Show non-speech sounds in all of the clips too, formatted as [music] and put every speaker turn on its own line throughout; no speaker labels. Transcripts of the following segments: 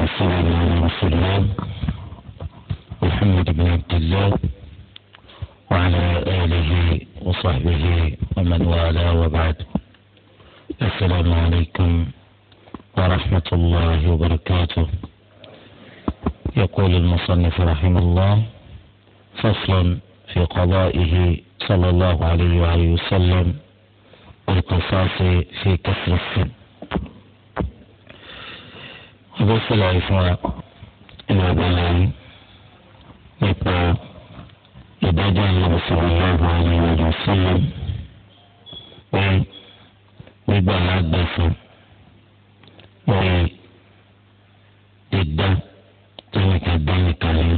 والسلام على رسول الله محمد بن عبد الله وعلى آله وصحبه ومن والاه وبعد السلام عليكم ورحمة الله وبركاته يقول المصنف رحمه الله فصل في قضائه صلى الله عليه وآله وسلم القصاص في كسر السن ọbẹ̀ sọ̀rọ̀ ìfúnra ẹnu ọ̀gbọ́nlá yìí nípa ìdájọ́ ìlú sallallahu alaihi wa sallam pé nígbà lágbàfọ̀ lórí ìdá tẹ́nìkan dánìkan lé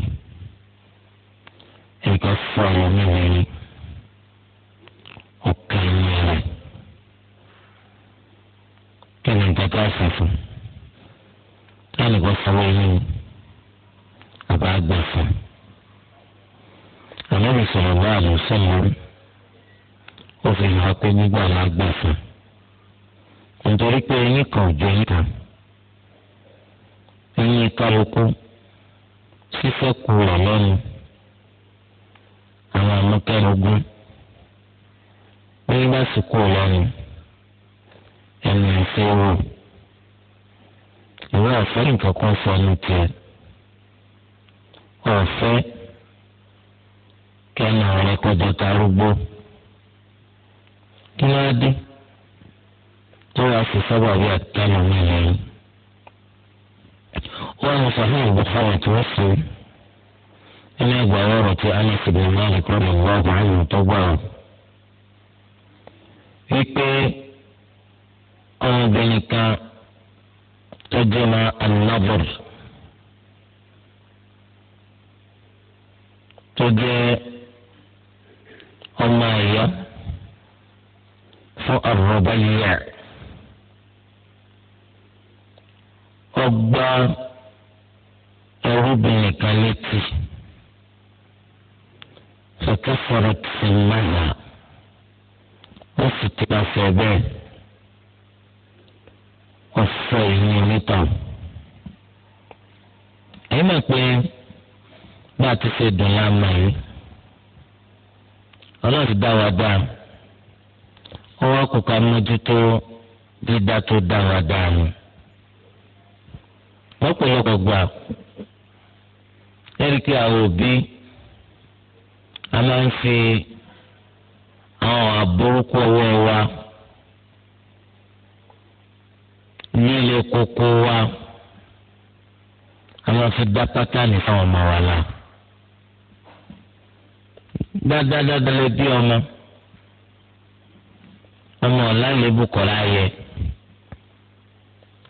ẹ̀ka fún àwọn mẹ́rin ọ̀kan ní ẹ̀rẹ̀ kí ni nǹkan ká fẹ́ fún un láti kọ́ fọwọ́ yín àbá gbà fún ànábì sọ̀rọ̀ bá àlọ́ sọ̀rọ̀ ó fi hàn pé nígbà la gbà fún nítorí pé eyín kan ò jọ eyín kan eyín kálukú fífẹ́ ku rẹ̀ lọ́nu àwọn amúkẹ́rùgún bí wọ́n bá sì kú lọ́nu ẹnu ìfẹ́ wò ìwọ ọ̀fẹ́ nǹkan kan fọnú tiẹ̀ ọ̀fẹ́ kẹ́nu rẹ kọjá tarúgbó kí ló dé tó wàá fi sábà bí àtẹnu mi lẹ́yìn wọn ní sàfihàn ìbùkún àti wọn fi ẹni ẹgbàá ọ̀rọ̀ tí Anas ibn Malik radiyallahu anhu tó gbà ọ wípé ọmọbìnrin kan. تدنا النظر تجي أما هي الربيع ربيع أبا أربن كالتي فكفرت سمها وفتنا سبيل ọ̀sẹ̀ ìyìn onítàn ẹ̀yin mọ̀ pé bá a ti ṣe dùn láàmà yìí ọlọ́run ti dá wa dá ọwọ́ kò ká mójútó dídá tó dá wa dá ni lọ́pọ̀lọpọ̀ gbà kí àwọn òbí a máa ń fi wa. nílé koko wa a máa fi dá pátánì fáwọn ọmọ wa la dáadáa lè bí ọmọ ọmọ ọ̀la lè bukọ̀ láàyè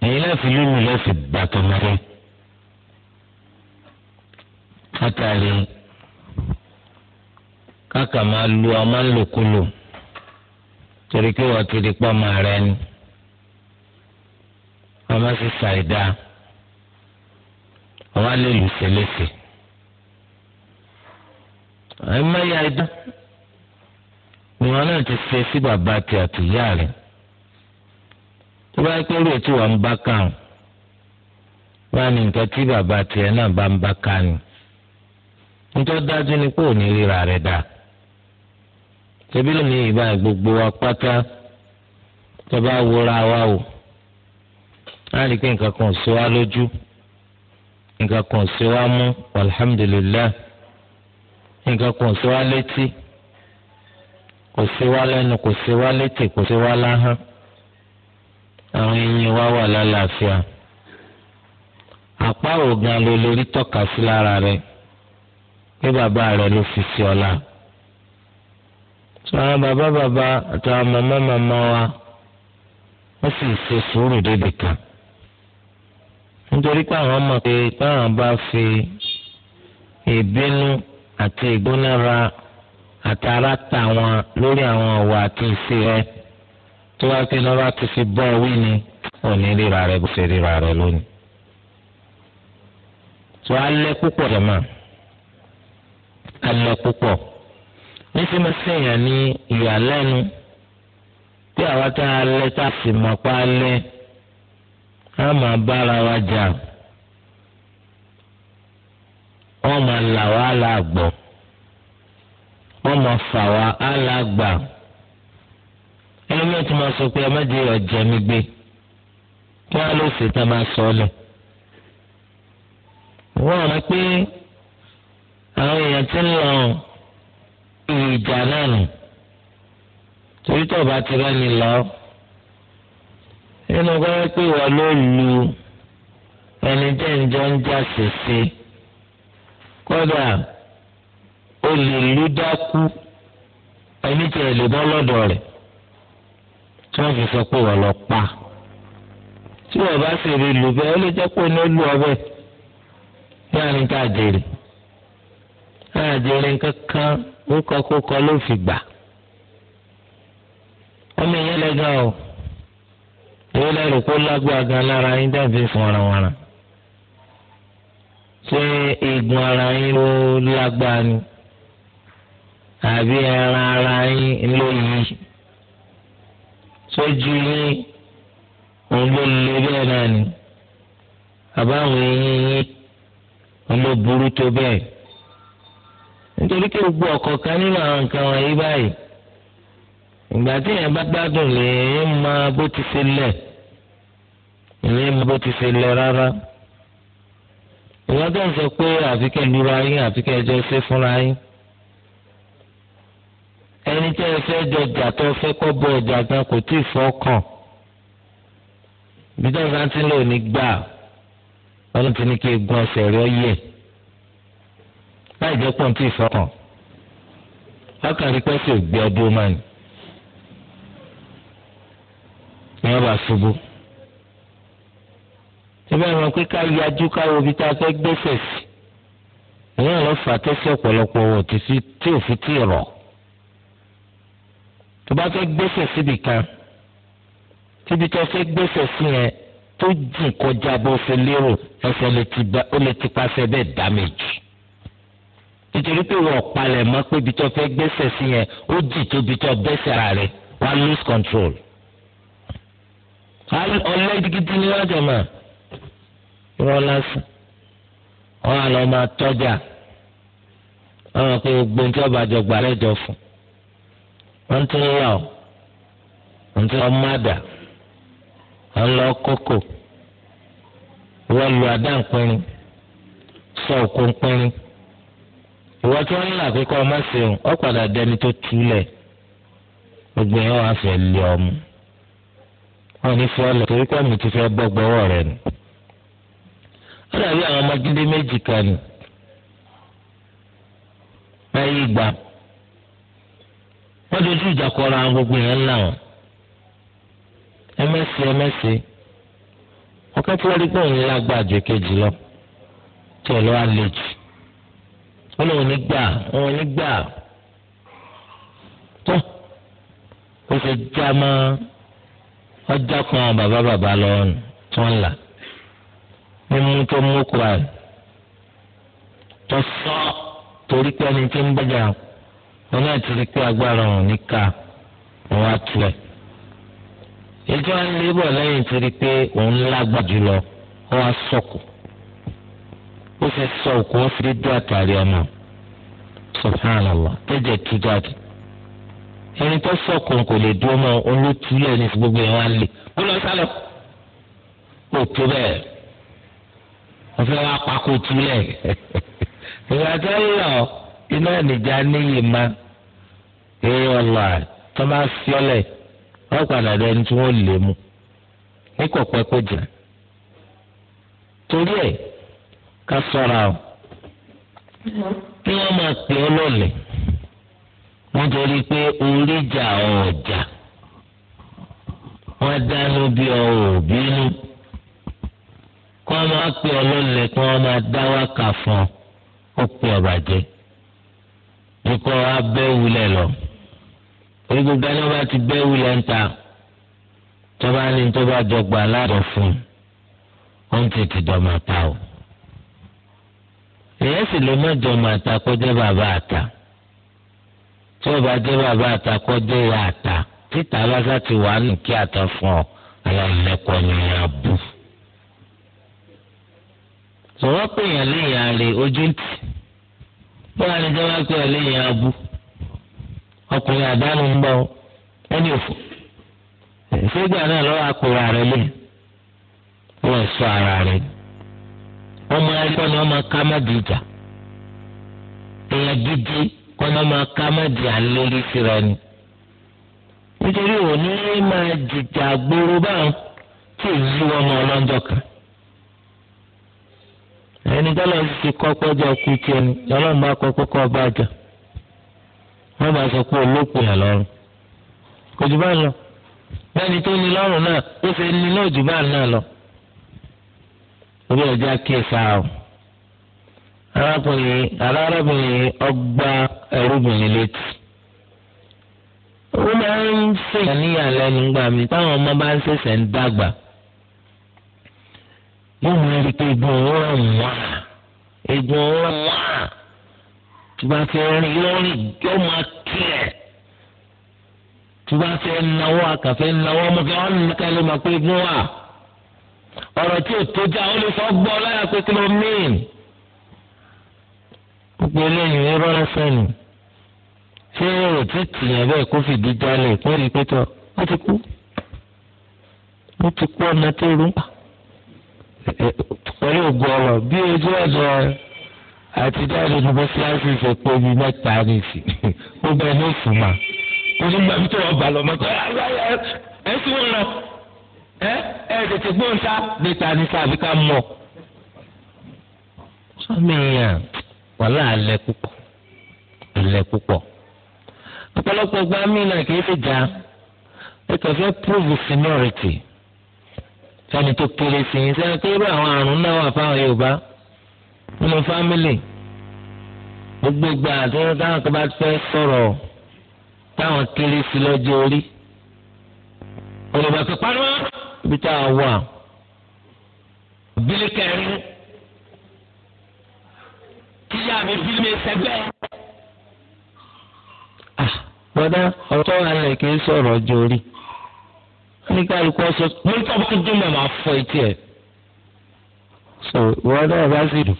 èyí láfi lónìí láfi bàtọ̀ mọ́tẹ́ látàrí káka máa lu ọmọ ńlòkulò torí pé wọ́n ti di pọ́ ọmọ rẹ ni wọn bá ti sa ìdá wọn á lè lù sẹlẹsẹ ẹ má ya ìdá ni wọn náà ti ṣe sí bàbá àti àtìyá rẹ̀ tó bá pẹ́ rò tí wọ́n ń bá kàn wọ́n á ní nǹkan tí bàbá tiẹ̀ náà bá ń bá kàn ní nítorí dájú ni pé òní ríra rẹ̀ dáa ṣebí lónìí ìbá gbogbo wa pátá tó bá wúra wa o láti pé nǹkan kan ṣe wá lójú nǹkan kan ṣe wá mú alhamdulilayi nǹkan kan ṣe wá létí kò ṣe wá lẹ́nu kò ṣe wá létí kò ṣe wá láhán àwọn eyín wa wà lálàáfíà àpá òògùn ló lórí tọ́ka sí lára rẹ̀ pé bàbá rẹ̀ ló fi sí ọ̀la sọ àwọn bàbá bàbá àtàwọn màmá màmá wa wọ́n sì ṣe sùúrù débi nítorí pé àwọn mọ̀ pé táwọn bá fi ìbínú àti ìgbónára àtàrà tà wọn lórí àwọn ọ̀wà àti ìṣe rẹ tó wá pé lọ́wọ́ ti fi bọ́ ọwí ni ò ní ríra rẹ bó ṣe ríra rẹ lónìí. tó alẹ́ púpọ̀ jẹ̀ máa alẹ́ púpọ̀ níṣẹ́ máa ṣèyàn ní ìyàlẹ́nu bí àwa tá a lẹ́ tá a sì mọ̀ pa á lẹ́ á máa bára wa jà wọ́n máa là wá láàgbọ́ wọ́n máa fà wá á láàgbà ẹlẹ́mìí tí máa sọ pé ẹ má mi gbé kí wọ́n á lè ṣètò sọ ọ́ lẹ̀ rẹ pé àwọn èèyàn ti ń lọ ìjà náà nù torí bá ti rẹ́ni lọ́ọ́ nínú gbọ́dọ̀ pé ìwà ló lu ẹni tẹ́ ń jọ ń jà sèse kódà o lè lu dákú ẹni tẹ́ lè bọ́ lọ́dọ̀ rẹ̀ tí wọ́n fi sọ pé ìwà lọ pa tí wọ́n bá sì rí lu bẹ́ẹ̀ ó lè jẹ́ pé ní ó lu ọbẹ̀ ní ká jèrè àjèrè kankan ó kọ́ kó kọ́ ló fi gbà ọmọ ìyẹn lẹ́gàn o èyí lẹ́rù kó lágbára gan lára yín dẹ́bi fún ara wọn rà ṣé eegun ara yín ló lágbára ni àbí ẹran ara yín ló yí sójú yín òun ló le bẹ́ẹ̀ náà ni àbáwọn eyín yín òun ló burú tó bẹ́ẹ̀ nítorí pé gbogbo ọ̀kọ̀ọ̀kan nínú àwọn nǹkan wọ̀nyí báyìí ìgbà tí èèyàn bá gbádùn lè máa bó ti ṣe lẹ̀ ìyẹn bó ti ṣe lọ rárá ìwọ́n tó ń sọ pé àfikẹ́ lura yín àfikẹ́ ẹjọ́ ṣe fúnra yín ẹni tẹ́ ẹ fẹ́ jọ jà tó fẹ́ kọ́ bọ ọjà gan kò tí ì fọ́kàn bí tọ́ka ti lò ní gbà ọlọ́run ti ní kí egun ọ̀sẹ̀ rẹ yẹ láì jẹ́ pọ̀ tí ì fọ́kàn ọkàn rí pẹ́sì ògbé ọdún mọ́ni ìyẹn bá ṣubú síbẹ̀ wọn pé ká yájú ká wo ibi tá a fẹ́ gbèsè sí ìyẹn lọ fà tẹ́sí ọ̀pọ̀lọpọ̀ wọ̀ títí tí ò fi tì rọ̀ tó bá fẹ́ gbèsè síbi kan síbi tó fẹ́ gbèsè sí yẹn tó jìn kọjá bó fi lérò ẹsẹ̀ ó lè ti pàṣẹ bẹ́ẹ̀ dámẹ́jì nítorí pé wọ́n palẹ̀ mọ́ pé ibi tó fẹ́ gbèsè sí yẹn ó jì tó ibi tó bẹ́sẹ̀ rà rẹ̀ wá lose control. ọlẹ́gidi ni wọ́n jẹ̀ máa. rọ́lásán wọn àlọ́ máa tọ́jà wọn kò gbogbo ní tí wọn bá jọ gbà fún wọn tún yà ọ́ wọn tún lọ mádà wọn lọ kókò wọn lu sọ òkú ìwọ tí wọn là kíkọ́ ọmọ sèun ọ padà dẹni tó túlẹ̀ gbogbo yẹn wàá lé ọmú wọn ní torí pé ti dàbí àwọn ọmọdé méjì kan ni láyé ìgbà wọ́n dojú ìjà kọra àwọn gbogbo yẹn ńlá wọn ẹmẹ́sì ẹmẹ́sì ọ̀kan tí wọ́n rí pé òun lágbàá ju kejì lọ tí ò lọ́wọ́ lè jù ó lóun ní gbà òun ní gbà tó ó ṣe já mọ́ ọjà kan bàbá bàbá lọ́wọ́ tí wọ́n ń là. mímú tó mú kuran tó sọ torí pé ẹni tí ń bẹ̀jà wọn náà ti rí pé agbára òun níka wọn á tulẹ̀ ìjọ ń lẹ́yìn ti rí pé òun lágbà jùlọ wọn á sọ̀kù ó sọ òkú wọn fi dé àtàrí ọmọ subhanallah tẹ́jẹ̀ tú jáde ẹni tó gbogbo ẹ̀ lè lọ sálọ tó wọ́n fẹ́ wá pako túlẹ̀ ìgbà lọ iná nìjà níyì má èyí ọ̀la tó bá fiọ́lẹ̀ wọ́n padà dé ẹni tí wọ́n lè mú ní kọ̀pẹ́ kó torí ẹ̀ ká kí wọ́n kó wọn máa pè ọ lọ́lẹ̀ kó wọn máa dá wákà fún ọ ó pè ọ bàjẹ́ kíkọ́ abẹ́ wulẹ̀ lọ orí gbogbo ẹni wọn bá ti bẹ́ wulẹ̀ ń ta tọ́ba ní tọ́ba jọgbà aládọ̀ fún ó ń tètè dọ̀mà ta o èyí sì lè má dọ̀mà ta kó jẹ́ bàbá àta tí ó jẹ́ bàbá àta kó jẹ́ ìyá àta títà lásà ti wà nù kí àtọ̀ fún ọ àwọn ẹlẹ́kọ̀ọ́ ni wọ́n sọ̀rọ̀ pé èèyàn léèyàn àrè ojú ń tì bóyá ni jẹ́wọ́ pé èèyàn abú ọkùnrin àdánù ń bọ̀ ẹni òfò ṣégbà náà lọ́wọ́ akùnrin lé wọ́n sọ ara rẹ̀ ọmọ ni wọ́n máa ká má di ìjà èèyàn gidi kọ́ ni wọ́n máa ká má di àlórí síra ni nítorí òní máa jìjà gbòòrò báwọn tí ọlọ́njọ́ kan. ẹni tọ́lọ̀ ti kọ́ pẹ́jọ́ kú tiẹ̀ ni ọlọ́run bá kọ́ kókó ọba àjà wọ́n máa sọ pé olóòpin ẹ̀ lọ́rùn kò lọ bẹ́ẹ̀ni tó ní lọ́rùn náà ó ṣe ní náà lọ. orí ọjà o arákùnrin arábìnrin ọgbà ẹrúbìnrin létí. ó máa ń gbà mí táwọn ọmọ bá yóò máa rí pé egun òun rẹ̀ wá egun òun rẹ̀ wá tó bá fẹ́ rìn yóò rìn yóò máa kílẹ̀ tó bá fẹ́ náwó àkàfẹ́ náwó ọmọ fẹ́ wọn nìkan ká ló máa pé egun wá ọ̀rọ̀ tí ò tó já ó lè fọ́ gbọ́ láyà pé kí ló mìín gbogbo eléyìí irọ́ lọ́sẹ̀ nù ṣé èrò tí tìyàn bẹ́ẹ̀ kó fìdí jalè pé tọ́ ó ti kú ó ti kú ọ̀nà tó rú pa pẹ̀lú ògùn ọ̀rọ̀ bí ojú ọ̀dọ̀ àti dáadé ní mọ́síláṣí fẹ́ pé omi mẹ́ta ní ìsìn ó bẹ ní òfin mà ó ní gbàgbé tó wọ́n bá lọ mọ́tò ẹ sì wọ́n lọ ẹ ẹ tètè gbóhùn sá níta ní sáàbí ká mọ̀ sọmi yàn wàhálà alẹ́ púpọ̀ alẹ́ púpọ̀ ọ̀pọ̀lọpọ̀ gbàmínà kì í já jà ẹ kàn fẹ́ prove seniority fẹ́ni tó kéré sí i sẹ́ni pé irú àwọn àrùn náà wà fáwọn Yorùbá nínú fámìlì gbogbo gbà tí wọ́n táwọn kan bá fẹ́ sọ̀rọ̀ táwọn kéré sí lọ́jọ́ orí olùbọ̀ tó parí wọn ibi tá a wà bílí kẹrin tíyà mi bílí mi sẹgbẹ́. Ah, bọ́dá ọ̀tọ́ alẹ̀ kì í sọ̀rọ̀ ọjọ́ orí ní kálukú ọsọ mo ní tọ́ba dùn mọ̀ máa fọ etí ẹ̀. so wọn náà bá sì dùn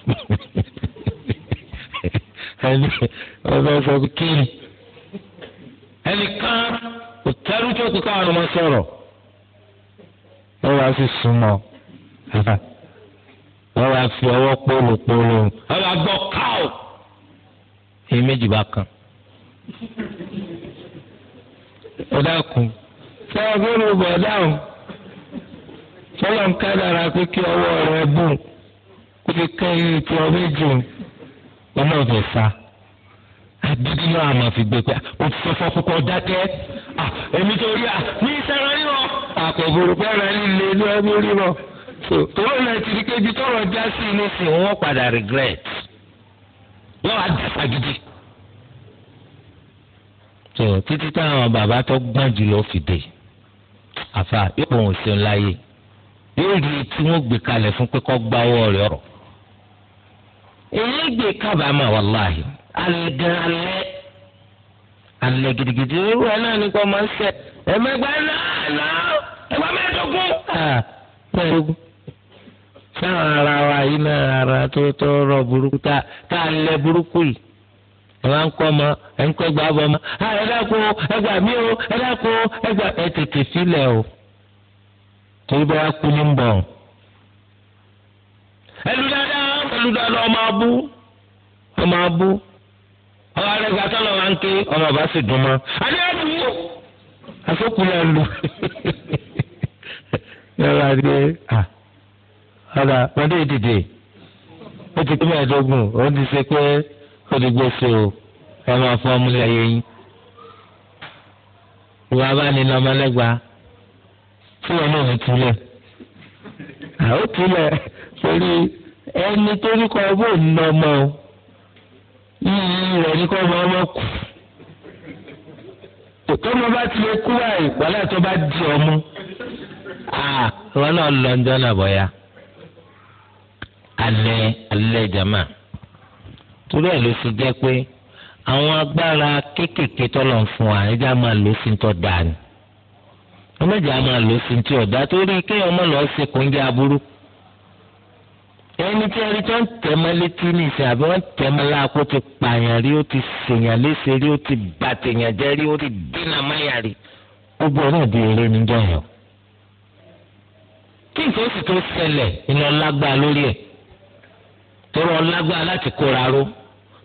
ẹni ọba sọ kí ni ẹnìkan kò tẹ́rù tó kó káwọn ọmọ sọ̀rọ̀ ẹ wá sí súnmọ́ wọ́n wá fi ọwọ́ pólopólo wọ́n wá gbọ́ káò èyí méjì bá kan ó dákun ṣé ọgbẹ́ mi bọ̀ dáhùn sọlọ ń ká dára pé kí ọwọ́ rẹ bù kó fi kẹ́yìn tí ọ méjì ọmọ ọ̀fẹ́ fa àdídí náà àmọ́ fi gbé pé o ti fọ́fọ́ púpọ̀ dákẹ́ èmi tó rí à ní ìsẹ̀rọ̀ rírọ̀ àkọ́bùrù pẹ́ẹ́rẹ́ líle ní ẹbí rírọ̀ tòwó ilẹ̀ ti di kébi tọrọ já sí inú sí wọn padà regret yóò wá dàsa gidi. tó títí táwọn bàbá tó gbọ́n jù lọ fi dé. àfa yóò wọn ò ṣeun láyè yóò rí tí wọn gbé kalẹ̀ fún pé kọ gbá ọwọ́ rẹ̀ ọ̀rọ̀ èyí gbé kábàámà wàláhì alẹ́ gan alẹ gidigidi irú ẹ náà ní kò ń ṣe ẹgbẹgbẹ náà ẹgbẹ ara wa yìí náà ara tó tọrọ burúkú tá a lẹ máa ń kọ́ ọmọ ẹ̀ ń kọ́ gba ọmọ ọmọ ah, ẹ dákun ẹ gbà mí o ẹ dákun ẹ gbà ẹ tètè sílẹ̀ o torí bá wàá kú ní ń bọ̀ ẹlú dáadáa ẹlú dáadáa ọmọ abú ọmọ abú ọmọ arẹgbẹ atọ́lọ̀ wa ń ké ọmọ bá sì dùn mọ́ adé ẹ̀ dùn wò asókùnrin ẹ̀ lù adé à wọ́n dé dìde ó ti kí mẹ́ẹ̀ẹ́dógún ó ti ṣe pé kódìgbòsò ẹ máa fọ́ ọmú lẹ́yẹ yín ìwà bá ní lọ́mọlẹ́gba tí wọn náà ń túlẹ̀ àwọn túlẹ̀ torí ẹni torí kọ́ bó ń ọmọ o yíyí rẹ̀ ní kọ́ ọmọ ọmọ kù tọ́mọ bá ti lè kú báyìí wàhálà tó bá di ọmú àwọn náà lọ ń dáná bọ̀yà alẹ́ alẹ́ jama torí ẹ̀ ló fi jẹ́ pé àwọn agbára kéékèèké tọ́lọ̀ ń fún wa ẹja máa lò sí ni máa lò sí tí ọ̀dà torí kéèyàn ọmọ lọ ṣe kóńgé aburú ẹni tí ẹni tó ń tẹ̀mọ́ létí ní ìsìn àbí láàpọ̀ ti pààyàn rí ó ti léṣe rí ó ti bàtẹ̀yàn jẹ́ rí ó ti dínà gbogbo ọ̀nà ìdí eré níjọ́ yẹn kí tó ṣẹlẹ̀ lórí ẹ̀ torí wọn lágbára láti kóra ró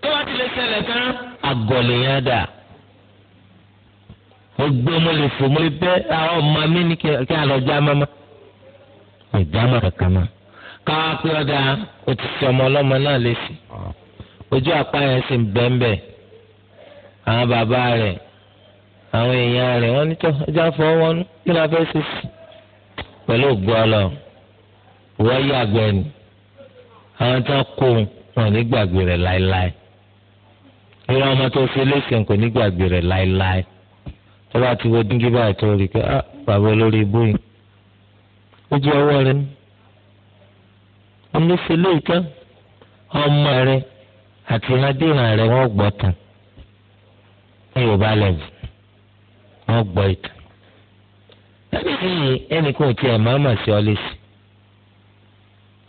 tó bá ti lè ṣẹlẹ̀ tán agọ̀lẹ̀ yẹn dà mo gbé mo lè fò mo lè bẹ́ àwọn ọmọ mi ní kí a lọ já mọ́mọ́ ìdámọ̀ kankan mọ́ káwá pé ọ̀dà o ti fi ọmọ ọlọ́mọ náà lè ojú apá yẹn sì ń bẹ́ńbẹ́ àwọn bàbá rẹ̀ àwọn èèyàn rẹ̀ wọ́n ní tó ọjà fọwọ́nú kí la fẹ́ ṣe sí pẹ̀lú ògbó ọlọ́run wọ́n yí àgbẹ̀ ni. àwọn tó kó wọn ní gbàgbé rẹ̀ láéláé irú ọmọ tó fi lẹ́sìn kò ní gbàgbé láéláé tó bá ti wo díngí báyìí tó rí i pé ah, bàbá olórí ibú yìí ó ní ìtàn ọmọ àti adéhàn tán ní yorùbá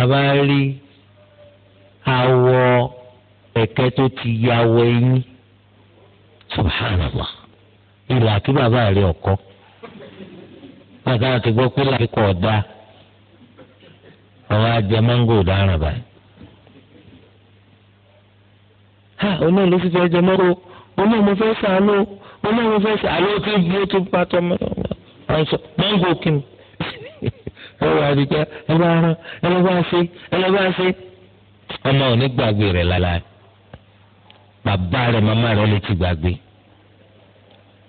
a bá rí awọ ẹ̀kẹ́ tó ti ya awọ ẹ̀yìn subhanallah ìlà kí bàbá ọkọ bàtà àti gbọ́ pé làkíkọ̀ ọ̀dà àwọn ajẹ mángò dáràn báyìí. ha oní ìlú fífi ẹjẹ mọ́rò oní ìlú fẹ́ sàánú oní ìlú fẹ́ sàánú ó ti bí ó ti pa tọ́ ó wà á di pé ẹ bá rán ẹ lọ bá ṣe ẹ lọ bá ṣe ọmọ ò ní gbàgbé rẹ̀ lálá bàbá rẹ̀ màmá rẹ̀ lè ti gbàgbé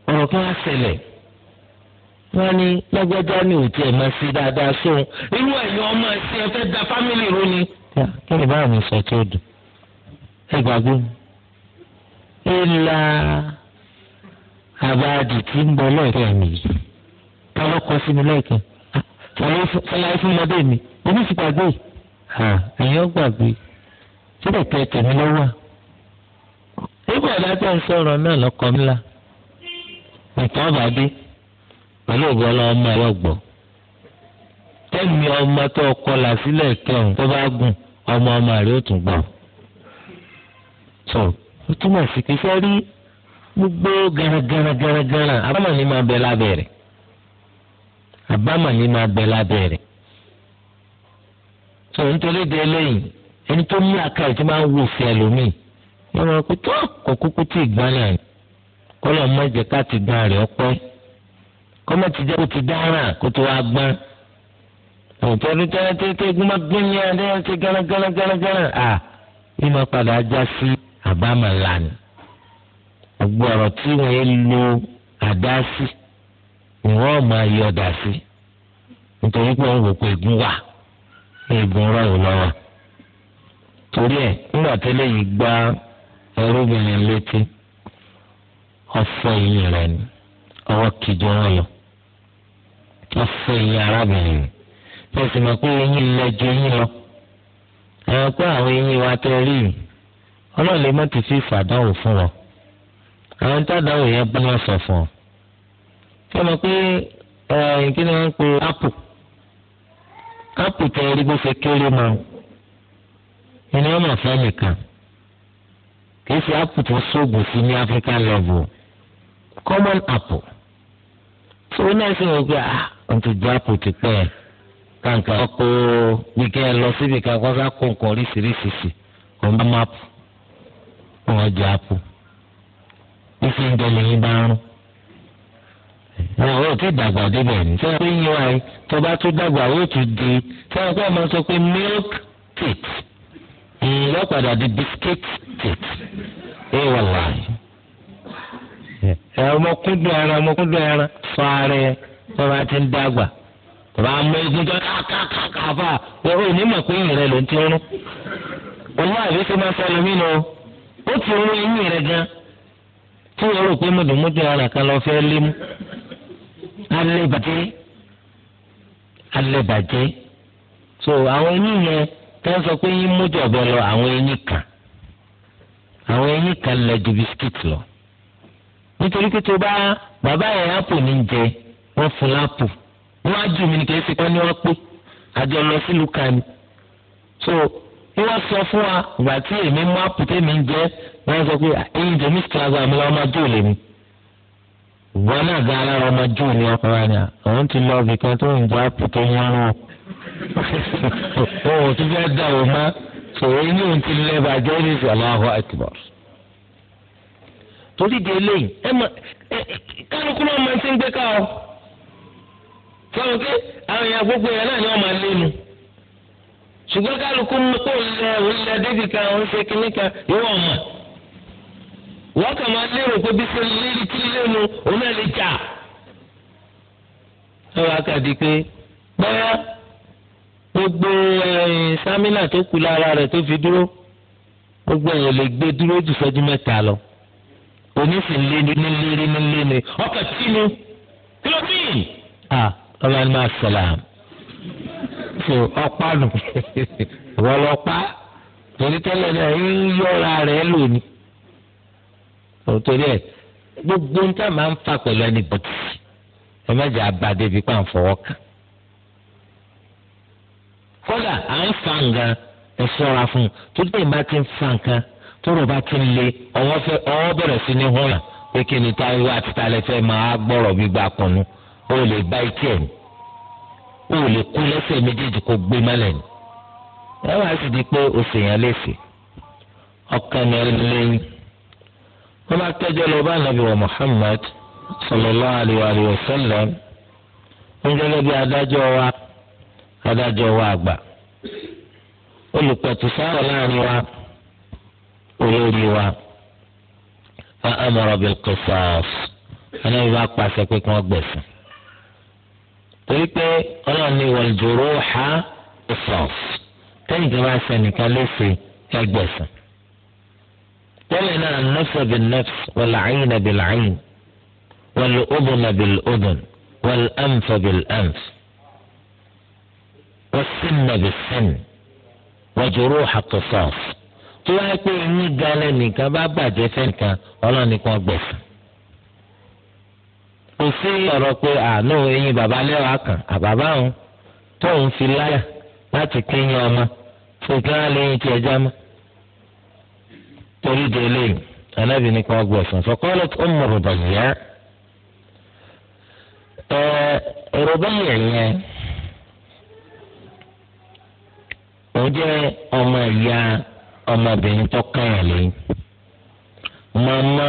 ọ̀rọ̀ kí wọ́n ṣẹlẹ̀ wọ́n ní lágbájá ni ò tiẹ̀ máa ṣe dáadáa sóun irú ẹ̀yin ọmọ ẹ̀sìn ẹ fẹ́ da fámìlì rú ni. kí ni báwo ni sọ tó dùn ẹ gbàgbé ìlà àbáàdì tí ń bọ̀ lọ́ọ̀kẹ́ mi yìí ta ló kọ́ sí mi lọ́ọ̀kẹ́ mi. ṣàlàyé fún ọmọdé mi èmi sì ha ẹ̀yin ó gbàgbé síbẹ̀ kẹ́ tèmi ló wà. ibà dájọ́ ń sọ̀rọ̀ náà lọ́kọ̀ ńlá nǹkan ọba dé pẹ̀lú ògbọ́n lọ́wọ́ ọmọ ẹ̀ sílẹ̀ kẹrùn tó bá gùn ọmọ gbà. o túmọ̀ sí kí gbogbo abámọ̀ ni àbámọ̀ ni máa bẹ lábẹ́ rẹ̀ tó nítorí de eléyìí ẹni tó ní àkàrà tí máa ń wò fẹ́ lómi yóò máa kú tó kó kúkú tí ì gbọ́n náà kọ́lọ̀ mọ́jẹ ká ti gbọ́n rẹ̀ ọpẹ́ kọ́mọ́ ti jẹ́ kó ti dára kó tó wá gbọ́n òtẹ́lú tẹ́lẹ̀ tẹ́lẹ̀ gbọ́n gbọ́n yẹn tẹ́lẹ̀ tẹ́ gánagánagánagánà à ní máa padà já sí àbámọ̀ lánàá ọgbọ́n tí wọ́n yẹn lo àdá wọ́n máa yọ ọdọ si nítorí pé wọ́n rò pé ègún wà ègún rọrùn lọ́wọ́ torí ẹ nígbà tẹ́lẹ̀ yìí gbá ẹrúbìnrin létí ọ̀fọ̀ yìí rẹ̀ ni ọwọ́ kìjọ wọn yọ ọ̀fọ̀ yìí arábìnrin ni lọ ẹ̀rọ pé àwọn wa rí i fún wọn àwọn yẹn bá wọn sọ fún sọmọ pé kí ni wọ́n ń pe apple apple tẹ ẹrí bó ṣe kéré mọ́ ẹni wọ́n mọ̀ fẹ́ nìkan kìí ṣe apple tó ṣoògùn sí ní African level common apple tó náà sì wọ́n pé ah wọ́n ti jẹ apple ti pẹ́ ẹ̀ kàǹkà ọkọ̀ lọ síbi kan kọ́ sá kó nǹkan oríṣiríṣi sí kò ń bá máàpù wọ́n jẹ apple ìṣèǹjẹ lèyìn bá ń rún. àwọn ò tí dàgbà débẹ̀ ni tí wọ́n pé yín wáyé tó bá tún dàgbà yóò tún di tí wọ́n pẹ́ máa sọ pé milk tit ìyẹn padà di biscuit tit ẹ wà láàyè. ẹ ọmọkúndùn ara ọmọkúndùn ara bá ti ń dàgbà bá mú ní mọ̀ pé ló rún. àbí máa nù ó ti rún gan tí alẹ́ bàjẹ́ so àwọn eyín yẹn tẹ́ ń sọ pé yín mójú ọ̀bẹ lọ àwọn eyín kan àwọn eyín kan lẹ ju bisikíìtì lọ nítorí pé tó bá bàbá yẹn ápù ní jẹ wọ́n fún lápù wọ́n á jù mí ní kí ẹsẹ̀ kan ní wọ́n pé àjọ lọ sílùú kan ni so bí wọ́n sọ fún wa ìgbà tí èmi mú ápù tèmi ń jẹ wọ́n sọ pé eyín ah, jẹ mí sí kíláàsì àmì lọ́wọ́ máa jó lèmi ìgbọ́n náà gan alára ọmọ jù ní ọkùnrin ni àwọn ti lọ ibì kan tó ń jẹ́ àpótò yẹn wọn ò tún fẹ́ dà wọ́n mọ́ sọ̀rọ̀ inú òun ti lẹ́ bàjẹ́ ní Allahu Akbar. torí di eléyìí ẹ mọ kálukú náà máa ti ń gbé ká ọ pé àwọn èèyàn gbogbo èèyàn náà ni wọ́n máa lénu ṣùgbọ́n kálukú mọ́ kó òun lẹ́ débìkan òun ṣe kíníkan yóò wọ̀ mọ́ wọ́n kàn máa lérò pé bí sẹ́ni lérí kí lẹ́nu òun náà lè jà. ẹ wá kàdí pé báyà gbogbo eh, sámínà tó kù lára rẹ̀ tó fi dúró gbogbo èèyàn lè gbé dúró jù sọ́jú mẹ́ta lọ onísìn léni nílérí níléni ọkọ̀ tìǹú kí ló bí. a ọba ní máa sàlám so ọ̀pá nù [laughs] wọ́n lọ pa torí náà ń yọra rẹ̀ lónìí. òtòrí ẹ gbogbo ń tá máa ń fà pẹ̀lú ẹni bọ̀tì ẹ mẹ́jọ abàdé bíi pàm fọwọ́ kàn. kódà à ń fa nǹkan ẹ fún ti ń fa nǹkan tó ti ń le ọwọ́ bẹ̀rẹ̀ sí ní hùwà pé kí ni táwọn àti máa gbọ́rọ̀ gbígbà kùnú ó lè bá ẹ̀ ní ó lè kú lẹ́sẹ̀ méjèèjì kó gbé mọ́lẹ̀ ní. ẹ wá sì di pé ọkàn wọ́n bá kẹ́jọ́ lọ bá nàbí wa Muhammad sallallahu alayhi wa sallam ń gẹ́gẹ́ bí adájọ́ wa adájọ́ wa àgbà olùpẹ̀tùsáwọ̀ láàrin wa olórí wa fa amara bil qisas ẹni bá pàṣẹ pé kí wọ́n gbẹ̀sìn torí pé ọlọ́run ní wal juruha qisas tẹ́nìkan bá ṣẹnìkan léṣe ẹgbẹ̀sìn tẹ́lẹ̀ náà nọ́fẹ̀ bí nọ́fẹ̀ wọ́n àyìn bí àyìn wọ́n ọdún bí ọdún wọ́n ẹnfẹ̀ bí ẹnf wọ́n sínú bí sínú wọ́n jòrò àkọsọ́f tó wáyé pé ní galẹ̀ nìkan bá bàjẹ́ fẹ́ǹkan ọlọ́ọ̀ni kan gbẹ̀sán kò sí ọ̀rọ̀ pé àánú eyín bàbá lẹ́wàá kan àbàbá òun tóun fi láyà láti kéyìn ọmọ fòkè á lẹ́yìn tí ẹja mọ́. torí de eléyìí anábì ní kò gbẹ̀sán faqalat Umm Rubayya ẹ Rubayya yẹn ó jẹ́ ọmọ ìyá ọmọbìnrin tó kàyàn ya màmá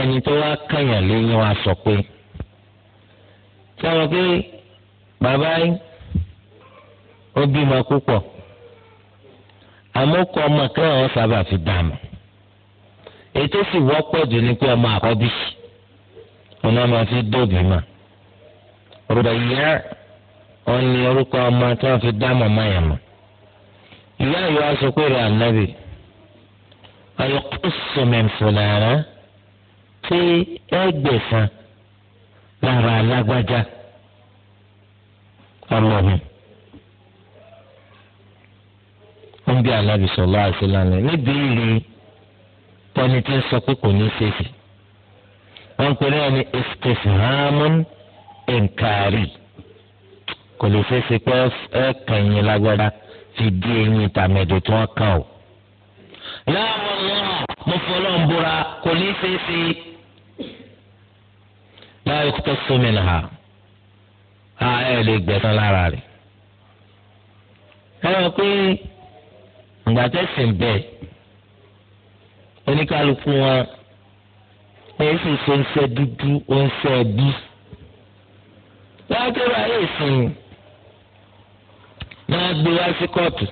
ẹni tó wá kàyàn lẹ́yìn wa sọ pé sọ pé bàbá yìí ó bímọ púpọ̀ àmọ́ kọ́ ọmọ kẹ́hìn sábà fi ètò sì wọ́pọ̀ jù ní pé ọmọ àkọ́bí ọ̀nà máa fi dóbi mà Rubayya wọn ni orúkọ ọmọ tí wọ́n fi dá màmá yẹn mọ̀ ìyá yìí wá sọ pé rẹ̀ ànábì ayọ̀kọ́sọ mẹ́fọ̀lára tí ẹgbẹ̀fà
lára alágbájá
ọmọ mi. ànábì níbi pẹ́ni tí ń sọ pé kò ní í ṣèṣì wọ́n ń pè náà ní istifhamun inkari kò lè ṣeéṣe pé ẹ kàn yín lágbádá fi dí eyín tàmẹ̀dò tí wọ́n kàn ó. láàmú náà mo fọlọ́ ń búra kò ní í ṣeéṣe láyé kúkẹ́ sómìnà ha a ẹ lè gbẹ̀san lára rẹ̀. ẹ pé ìgbà tẹ̀sìn bẹ́ẹ̀ oníkálukú wọn wọn sì ṣe ń ṣe dúdú ó ń ṣe ẹbí láti ra èsìn náà gbé wá sí kóòtù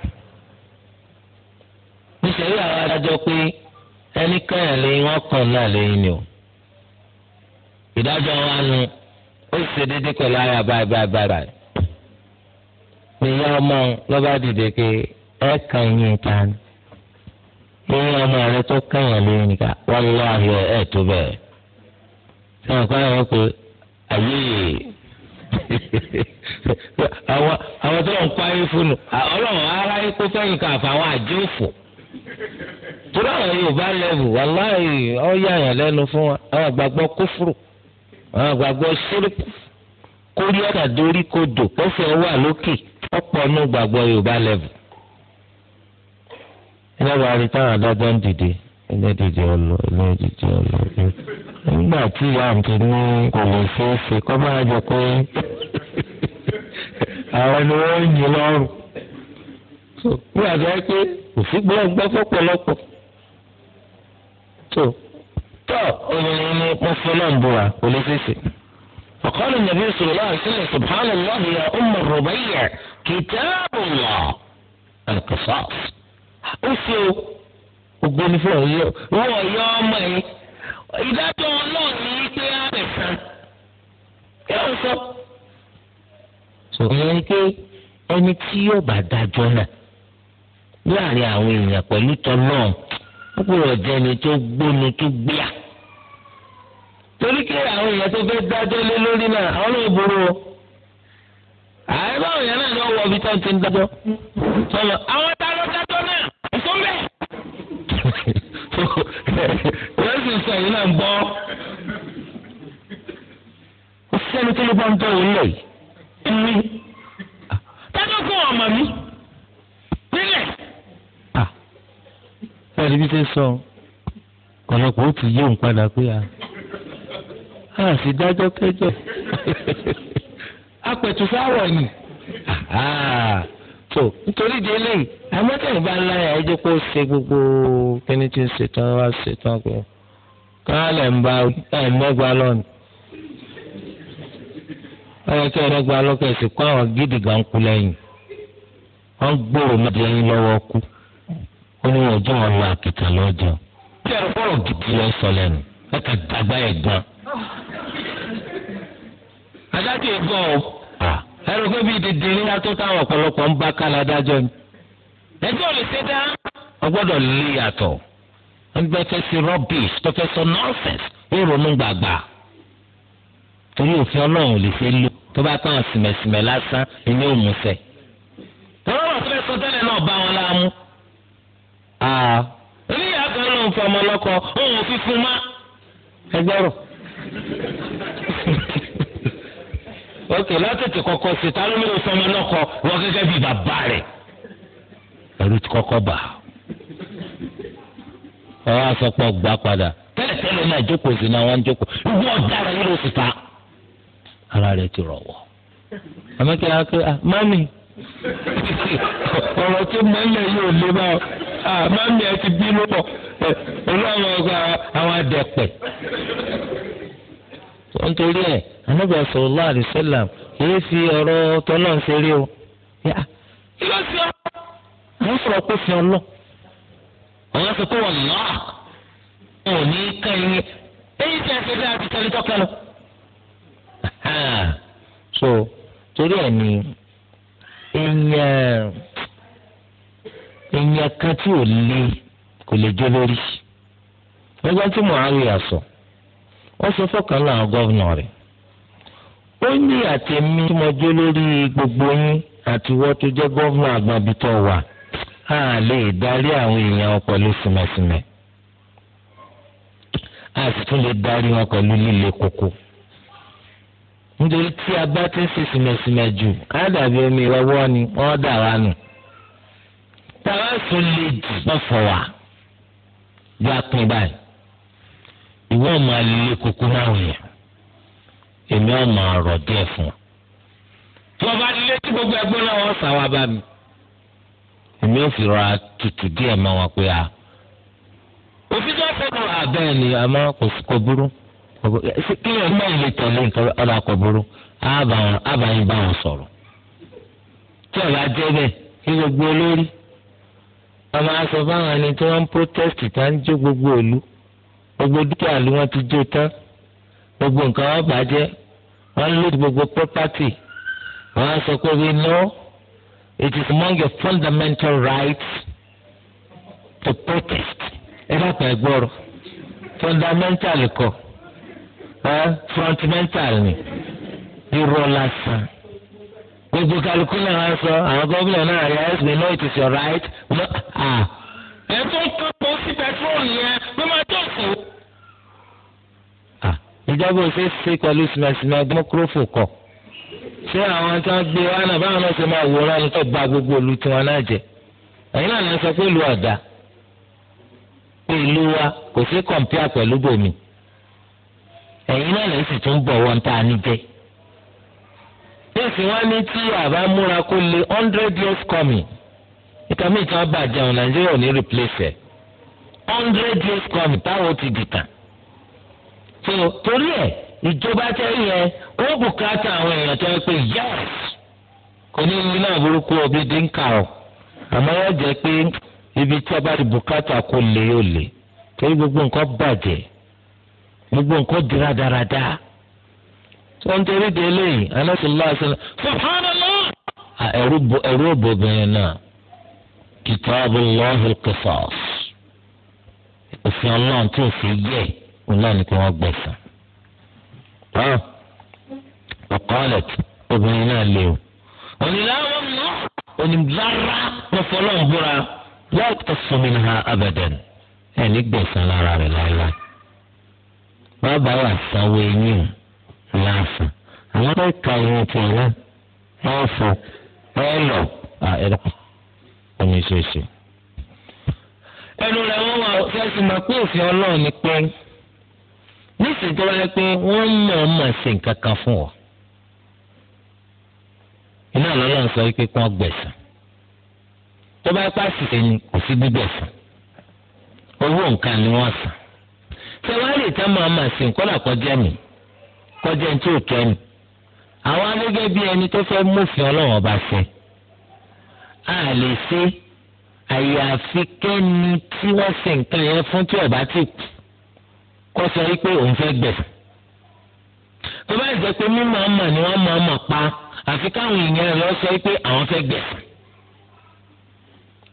níṣẹ́lẹ̀ àwọn adájọ́ pé ẹni kẹ́yìn lẹ́yìn wọn kàn náà lẹ́yìn ni o ìdájọ́ wa nu ó ṣe déédéé pẹ̀lú ara báyìí báyìí báyìí ni ìyá ọmọ lọ́ba dìde pé ẹ̀ kàn yín tán n'ime ọmọ rẹ tó kẹ́yìn lórí nìkan wọ́n lọ àyọ̀ ẹ̀ tó bẹ́ẹ̀ sọ̀rọ̀ kọ́ àwọn pé ayé àwọn tó ń parí fún un ara yín kó fẹ́yìn ká àfàwọn àjòfò torí àwọn yorùbá lẹ́wù wàláì ọ̀yà yàn lẹ́nu fún àwọn àgbàgbọ́ kófúrò àwọn àgbàgbọ́ sírípù kodò kófẹ́ ẹlẹ́wàá rí táwọn adájọ́ ń dìde ilé dìde ọlọ ilé dìde ọlọ nígbà tí ìyá àǹtí ní kò lè ṣeé ṣe kọ́ bá jọ pé àwọn ni wọ́n ń yin lọ́rùn ní àjọ pé òfin gbọ́ngbọ́ fọ́pọ̀lọpọ̀ tó tọ́ obìnrin ní pọ́fọ́lọ́ǹbùrà kò lè ṣeé ṣe. وقال النبي صلى الله عليه وسلم سبحان الله يا أم الربيع كتاب الله القصاص ó ṣe o ògbóni fún ọ̀yọ́ wọ́n ọ̀yọ́ ọmọ yìí ìdájọ́ ọlọ́run ní pé àbẹ̀sán kí ló ń sọ. sọ̀rọ̀ ni ẹni tí yóò bá dájọ́ náà láàrin àwọn èèyàn pẹ̀lú tọ́lọ́ púpọ̀ jẹni tó gbóni tó gbéà torí pé àwọn èèyàn tó fẹ́ dájọ́ lé lórí náà àwọn náà burú o àyè báwọn wọ ibi ti ń tẹ̀sí sọ yìí náà ń bọ́ ó sẹ́ni tó ló bá ń bọ́ òun lẹ̀ ẹ̀mí
tẹ́lẹ̀ fún ọmọ mi
nílẹ̀. bẹ́ẹ̀ni bí ṣe sọ ọ̀pọ̀lọpọ̀ ó ti yé òun padà pé a sì dájọ́ kẹjọ́ apẹ̀tùfáwọ̀ ni so nítorí di eléyìí àmọ́tẹ́yìn bá láyà ẹ jẹ́ kó ṣe gbogbo kíní tí ń ṣe tán wá ṣe tán pé káàlẹ̀ ń bá ẹ̀ mẹ́gbàá lọ́nù ọ̀rọ̀ tí ọ̀rọ̀ gba lọ́kẹ́ sì kó àwọn gidi gan kú lẹ́yìn wọ́n gbòòrò mẹ́tì lẹ́yìn lọ́wọ́ kú ó ní wọ́n jẹ́ wọn lọ àkìtà lọ́jọ́ tí ẹ̀rọ fọ́rọ̀ gidi lọ sọ lẹ́nu ẹ̀ka dàgbà ẹ̀ gan. adájọ́ ìbọn o ẹrù pé bíi dèdè ńlá tó táwọn ọ̀pọ̀lọpọ̀ ń bá kálá dájọ́ ni. ẹjọ́ lè ṣe dá ọgbọ́dọ̀ lè yàtọ̀ ń bẹ fẹ́ sí rubbish tó fẹ́ sọ nonsense ó ronú gbàgbà torí òfin ọlọ́run lè ṣe lò tó bá tán sìmẹ̀sìmẹ̀ lásán ilé òmùsẹ̀. tọ́lá wà fẹ́ sọ tẹ́lẹ̀ náà bá wọn láàmú. oníyà kan ló ń fọmọ lọ́kọ òun ò fi fún ma ẹgbẹ́rún. ok lati kọ́kọ́ ṣe ta ló sọmọ náà kọ wọn gẹ́gẹ́ bíi bàbá rẹ̀ ẹ̀rù ti kọ́kọ́ bà ọ wá sọ pé ọgbà padà tẹ́lẹ̀ náà jókòó sí náà wọ́n jókòó ìwọ ọ̀daràn yìí ló sì ta ara rẹ̀ ti rọ̀wọ̀ akẹ́ ọ̀rọ̀ tí lé ọ mami ẹ ti bínú pọ̀ olú ọgbà anabi sallallahu alaihi wasallam fi ọ̀rọ̀ ń ṣeré o àwọn sọ̀rọ̀ pé fi ọlọ́ àwọn sọ pé wọ́n lọ́ ò ní ká a ṣe fẹ́ àti tẹ́lẹ̀ tọ́kẹ́ lọ. so torí ẹ̀ ni èèyàn èèyàn kan tí ò lé kò lè jó lórí. nígbà tí sọ wọ́n sọ rẹ̀ ó ní àtẹ̀mí tí mo jó lórí gbogbo yín àti wọ́n tó jẹ́ gọ́vùnà àgbàbítọ̀ wà á lè darí àwọn èèyàn pẹ̀lú sìmẹ̀sìmẹ̀ a sì tún lè darí wọn pẹ̀lú líle koko nítorí tí a bá ti ń ṣe sìmẹ̀sìmẹ̀ jù á dàbí omi ìrọwọ́ ni wọ́n dà wá nù táwa sùn lè jù lọ́fọ̀ wá yá pín báyìí ìwọ́n máa lè koko náà wọ̀nyẹn. èmi ọmọ ma ọ fún ọ. tí ọba bá lé gbogbo ẹgbẹ́ náà wọ́n sá wa bá mi. fi rọra tutù díẹ̀ mọ́ wọn pé a. Ah, òfin tó fẹ́ràn àbẹ́ ah, ni àmọ́ kò burú kí ló tẹ̀lé nǹkan kò burú bá wọn sọ̀rọ̀. tí jẹ́ bẹ́ẹ̀ kí gbogbo gbogbo gbogbo dúkìá ti gbogbo nǹkan wọn bàjẹ́ wọn lò gbogbo property wọn sọ pé we know it is among your fundamental rights to protest ẹ dákun ẹgbọrọ fundamental kọ ẹ frontmental ni irọ́ lásán gbogbo kálukú náà wá sọ àwọn gómìnà náà yẹ ẹ sì know it is your right. Ah. ẹ tún kọ́ bó sí pẹtrol yẹn ìjọba ò ṣe é ṣe pẹ̀lú sìmẹ̀sìmẹ̀ dẹ́mọ́kúrófò kọ̀ ṣé àwọn tí wọ́n gbé wa náà báwọn náà ṣe máa wòran ní kó ba gbogbo ìlú tiwọn náà jẹ ẹ̀yin náà lọ sọ pé ìlú ọ̀dà pé ìlú wa kò ṣe kọ̀ǹpíà pẹ̀lú bòmí ẹ̀yin náà lè sì tún bọ̀ wọn tá a ní jẹ́ nísìnyí ní tí àbá múra kó lé hundred years coming ìtàn mi ìtàn bàjẹ́ ọ̀ nàìjíríà ò ní replace ẹ̀ hundred years coming táwọn ti dìtàn so torí ijoba ìjọba tẹ́ yẹ ó bùkátà àwọn èèyàn tẹ́ pé yẹ́s kò ní ní náà burúkú o àmọ́ wọ́n pe ibi tí a bá ti bùkátà kò lè ó lè torí gbogbo nǹkan diradarada gbogbo nǹkan dira dáradára tó ń torí de eléyìí alásùlá sọlá subhanallah ẹ̀rú òbòbìnrin náà kìtàbù lọ́hùn kẹfà òfin ọlọ́run tó fi òun náà ni kí wọ́n gbẹ̀sán. báwo ọ̀kọ́lẹ̀t obìnrin náà lè o. ònìlà wọn mú onílára pọ̀fọ́lọ́ ń búra wọ́n tẹ̀ fún mi náà lára rẹ̀ láéláé. bàbá wa sanwó eyín ẹnu wà nísìsiyìí tó wáyé pé wọ́n mọ̀ ọ́n mọ̀ sí nǹkan kan fún ọ iná lọ́lọ́ sọ pé kí wọ́n gbẹ̀sán tó bá pa àṣìṣe ni kò sí gbígbẹ̀sán owó nǹkan ni wọ́n san sẹ́wárì tá máa máa sìn kọ́là kọjá mi kọjá tí ò tọ́ mi àwọn gẹ́gẹ́ bí ẹni tó fẹ́ mọ̀fin ọlọ́wọ́n bá fẹ́ a lè ṣe àyàfi kẹ́ni tí wọ́n ṣe nǹkan yẹn fún tí ọba ti kù kó sọ pé òun fẹ́ gbẹ̀sán tó bá pé mímọ̀ ọmọ ni wọ́n mọ̀ ọmọ pa àfi káwọn èèyàn lọ sọ pé àwọn fẹ́ gbẹ̀sán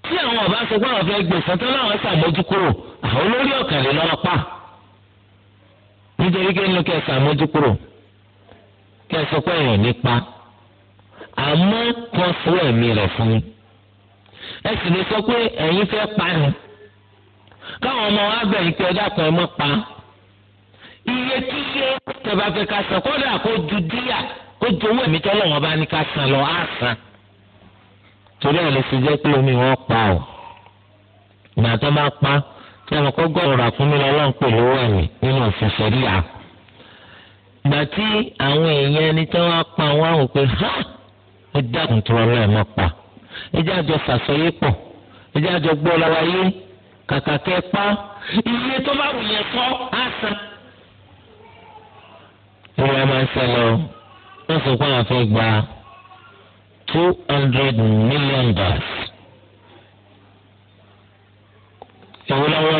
tí àwọn ọba sọ pé àwọn fẹ́ gbẹ̀sán láwọn ṣàmójúkúrò àwọn olórí ọ̀kàlẹ̀ pa nítorí pé nínú kẹ́ ṣàmójúkúrò kẹ́ sọ pé èèyàn pa. àmọ́ kan fún ẹ̀mí rẹ̀ fún mi ẹ iye tí iye tẹ̀bá fẹ́ ká san kọ́dà kó ju díyà kó ju owó ẹ̀mí tọ́lọ̀ wọn bá ní ká san lọ á torí ẹ̀ lè jẹ́ pé omi wọn pa ọ́ ìgbà tó bá pa tí wọn kọ́ gbọ́dọ̀ rà fún mi lọ́wọ́ ń pè lówó ẹ̀mí nínú òfin ìgbà tí àwọn èèyàn ẹni tí pa àwọn pé ha dákun tó ẹ̀ mọ́ pa àjọ tí wọ́n máa ń sẹ́ lọ wọ́n sọ pé àwọn fẹ́ gba two hundred million dollars. èwo lọ́wọ́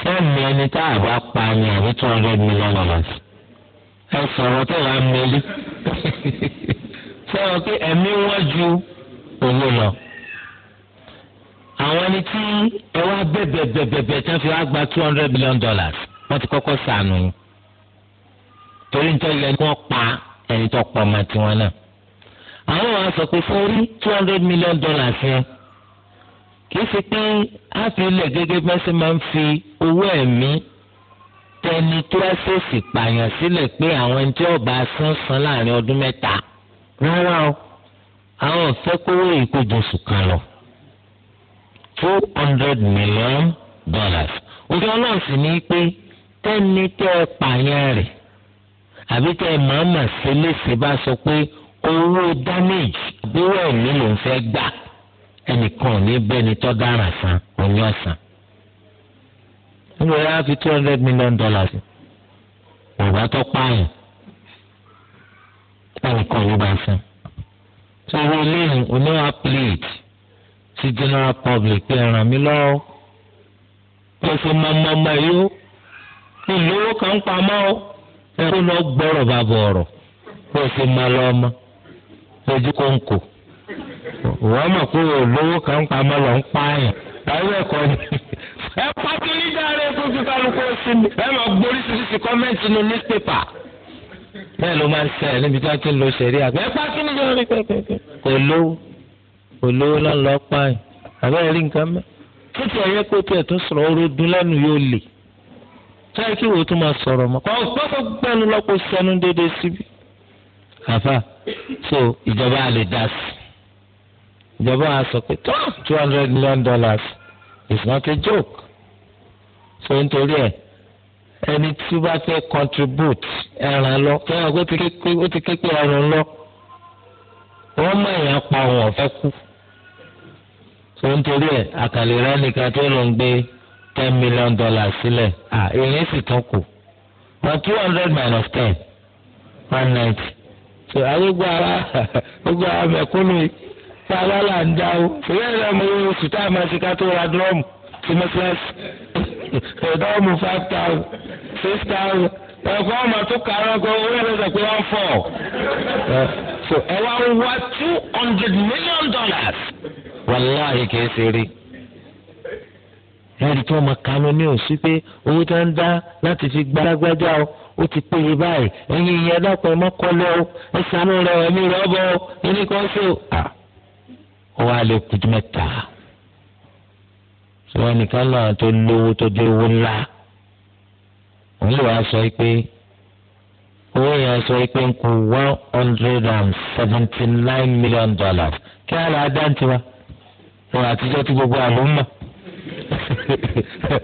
sẹ́ẹ̀mì ẹni tá a bá pa ni àbí two hundred million dollars. ẹ sọ̀rọ̀ tó wàá mẹ́lí sọ̀rọ̀ pé ẹ̀mí wọ́n ju òun lọ àwọn ẹni tí ẹ wá bẹ̀bẹ̀bẹ̀bẹ̀ tí wọ́n fi wá gba two hundred million dollars wọ́n ti kọ́kọ́ sànù yín torí ń tọ́lẹ̀ kí wọ́n pa ẹni tó pa ọmọ tiwọn náà. àwọn wa sọ pé fórí two hundred million dollars yẹn kì í ṣe pé a fi lẹ̀ gẹ́gẹ́ bí wọ́n ṣe máa ń fi owó ẹ̀mí tẹni tó wá ṣèṣì pààyàn sílẹ̀ pé àwọn ẹni tí ọba san san láàrin ọdún mẹ́ta rárá o àwọn ọ̀fẹ́ kówó ìkójọ sùn lọ two hundred million dollars òfin ọlọ́run sì ní pé tẹ́ni tẹ́ pààyàn rẹ̀ àbí tẹ ẹ màmá ṣeléṣe bá sọ pé owó damage bíwọ́ ẹ̀mí ló ń fẹ́ gbà ẹnìkan ò ní bẹ́ni tó dára san òní ọ̀sán. nígbà yàrá fi two hundred million dollars bàbá tó pààyàn ẹnìkan ò ní bá san. tó owó lẹ́yìn oníwà plate sí general public pé ràn mí lọ́wọ́ pé fún mọ́mọ́mọ́ yìí ó ìlú owó kan ń pamọ́ o ẹ̀rọ lọ gbọ́rọ̀ bá bọ̀rọ̀ kó o sì má lọ ọmọ lójú kóńkò wọ́n mọ̀ pé olówó kan pa mọ́ lọ ń pààyàn báyọ̀ ẹ̀kọ́ ni ẹ pàtó nígbà rẹ tó fi kálukú sí mi ẹ lọ gbóríṣiríṣi kọ́mẹ́ǹtì ní níṣpépà bẹ́ẹ̀ ló máa ń sẹ́ ẹ níbi tí wọ́n ti ń lo ṣẹ̀rí àgbẹ̀ ẹ pàtó nígbà rẹ pẹ́pẹ́pẹ́ kò lówó kò lówó lọ́nà lọ́ọ́ pààyàn àbẹ́rẹ́ rí nǹkan mẹ́ títí ẹ̀yẹ́ kó tiẹ̀ tún sọ̀rọ̀ oró dun lẹ́nu yóò lè táyì kí wò ó tún máa sọ̀rọ̀ mọ́ kọ́ gbọ́dọ̀ gbẹ́nu lọ́pọ̀ sẹ́nu déédéé síbi. àfà so ìjọba a lè dá sí ìjọba a sọ pé two hundred million dollars is not a joke so nítorí ẹ ẹni tí bá fẹ́ contribute ẹran lọ fẹ́ràn pé ó ti képe ẹran lọ wọ́n mọ èèyàn pa wọn ọ̀fẹ́ kú so nítorí ẹ àkàlè rẹ nìkan tó lọ ń gbé ten million dollars sílẹ̀ èyí sì tún kù but two hundred minus ten one ninety so ayégbó ara [laughs] gbogbo ara mẹ̀kúnnù yìí tí alála ń dá o ìyá ìlà mi yóò sùn tá a máa ṣe ká tó ra dúrọ́mù sí mẹ́tíláṣí dúrọ́mù five thousand six thousand ẹ̀kọ́ ọmọ tó kàrọ̀ ọkọ̀ owó ẹ̀rọ sọ pé wọ́n fọ̀ so ẹ wá wá two hundred million dollars wàláhì kìí ṣe rí ẹ̀rí tí wọ́n máa kanu ní òsì pé owó tí wọ́n ń dá láti fi gbáragbájá o ó ti péye báyìí ẹ̀yin ìyẹn dákun ẹ̀ mọ́kànlẹ́ o ẹ̀ sànú rẹ̀ ẹ̀mí rẹ̀ ọ̀bọ̀ ẹ̀mí kan ṣe ó wá lè kutu mẹ́ta sọ nìkan náà tó lówó tó dé owó ńlá òun lè wá sọ pé owó yẹn sọ pé ń kú one hundred and seventy nine million dollars kí á lọ adá ń tiwa ìwà àtijọ́ tí gbogbo àlọ́ ń mọ̀.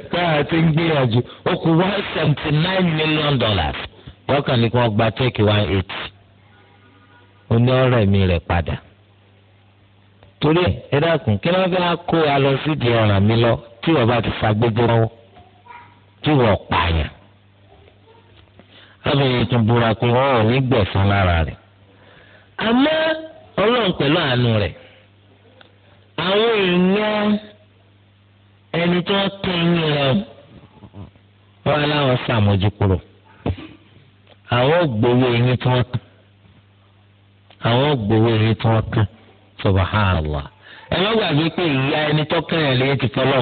táyà ti ń gbìyànjú ó kù one seventy nine million dollars lọ́kàn ní kí wọ́n gba tẹ́kì one eight ó ní ọ̀rọ̀ ẹ̀mí rẹ̀ padà torí ẹ dákun kí wọ́n fẹ́ kó a lọ sídìí ọ̀ràn mi lọ tí wọ́n bá ti fagbégbé lọ́wọ́ tí wọ́n pààyàn lọ́bìnrin tún búra pé wọ́n ò ẹni tó tún inú rẹ wọn aláwọ sàmójú kúrò àwọn gbowó eyín tí wọn kàn àwọn gbowó eyín tí wọn kàn ẹ má gbàgbé pé ìyá ẹni tó kàn yẹn ti náà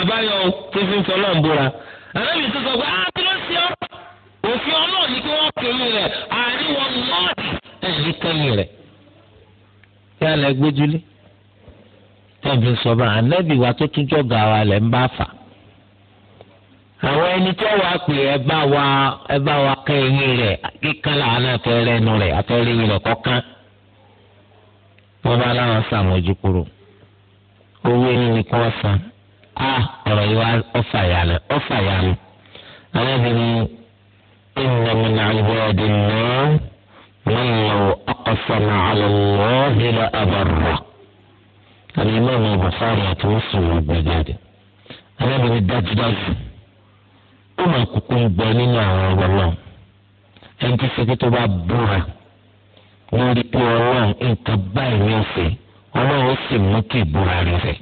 abáyọ fi ń fọlọ́n tó sọ pé ah, òfin tẹ́ẹ̀bí sọba sọ bá ànábì wa tó tún jọ̀gà wa lẹ̀ ń bá fà. àwọn ẹni tẹ́ wàá pè ẹ bá wa ẹ bá wa kẹ́ eyín rẹ̀ kíkan làwọn àtẹ̀rẹ́ inú rẹ̀ àtẹ̀rẹ́ eyín rẹ̀ kọ́kán. wọ́n bá láwọn sàmójú kúrò owó eyín ni kò san alimami Bukhari àti bụ gbé jáde alábìrin dájúdájú ó máa kúkú ń gbọ́ nínú àwọn ọ̀rọ̀ náà ẹni tí sèké tó bá búra lórí pé ọlọ́run nǹkan báyìí ní ọ̀sẹ̀ ọlọ́run ó sì mú kí ìbúra rẹ̀ rẹ̀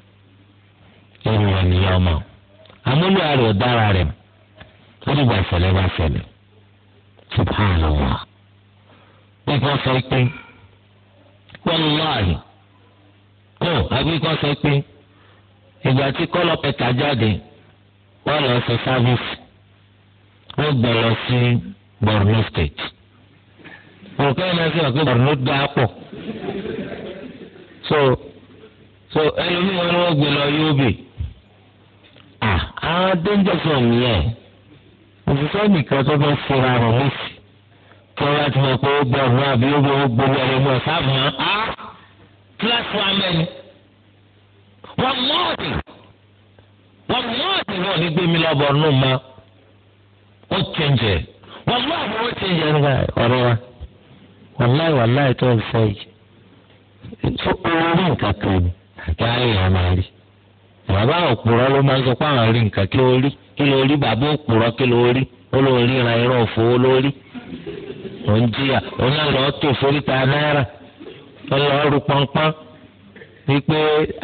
lẹ́nu ènìyàn ọmọ àmúlò tó àbí kọ́ sọ pé ìgbà tí kọ́lọ̀ pẹ̀ka jáde wọ́n lọ sí sáfíìsì wọ́n gbọ́ lọ sí Borno state òkè ẹ̀ lọ́sẹ̀ ọ̀gbẹ́ Borno dá pọ̀ so so ẹlòmíì wọn ni wọ́n gbé lọ Yobe ah àwọn danger zone yẹn òṣìṣẹ́ nìkan tó fẹ́ fura rọ̀ mọ́sí kí wọ́n bá ti mọ̀ pé ó gbọ́ ọ̀rọ̀ àbí ó gbọ́ gbogbo ẹ̀rọ mọ́ sáfù náà kíláàsì wa mẹ́ni wa mọ́ọ̀dì wọ́n mọ́ọ̀dì náà ní gbé mi lọ́bọ̀ nù ma ó chẹ́ǹjẹ̀ wọ́n mọ́ọ̀dì ó chẹ́ǹjẹ̀ nígbà ọ̀rọ̀ wa wàláì wàláì tó ń sọ yìí tó orí nǹkan kan ni àti ayé ẹ̀ máa rí bàbá òpùrọ̀ ló máa ń sọ pé àwọn rí nǹkan kí ló rí kí ló rí bàbá òpùrọ̀ kí ló rí ó ló rí ra irọ́ òfò ó ló rí òun jìyà òun náà lọ́ọ́ tó foríta náírà ọlọ́ọ̀rù pọ́npọ́n wípé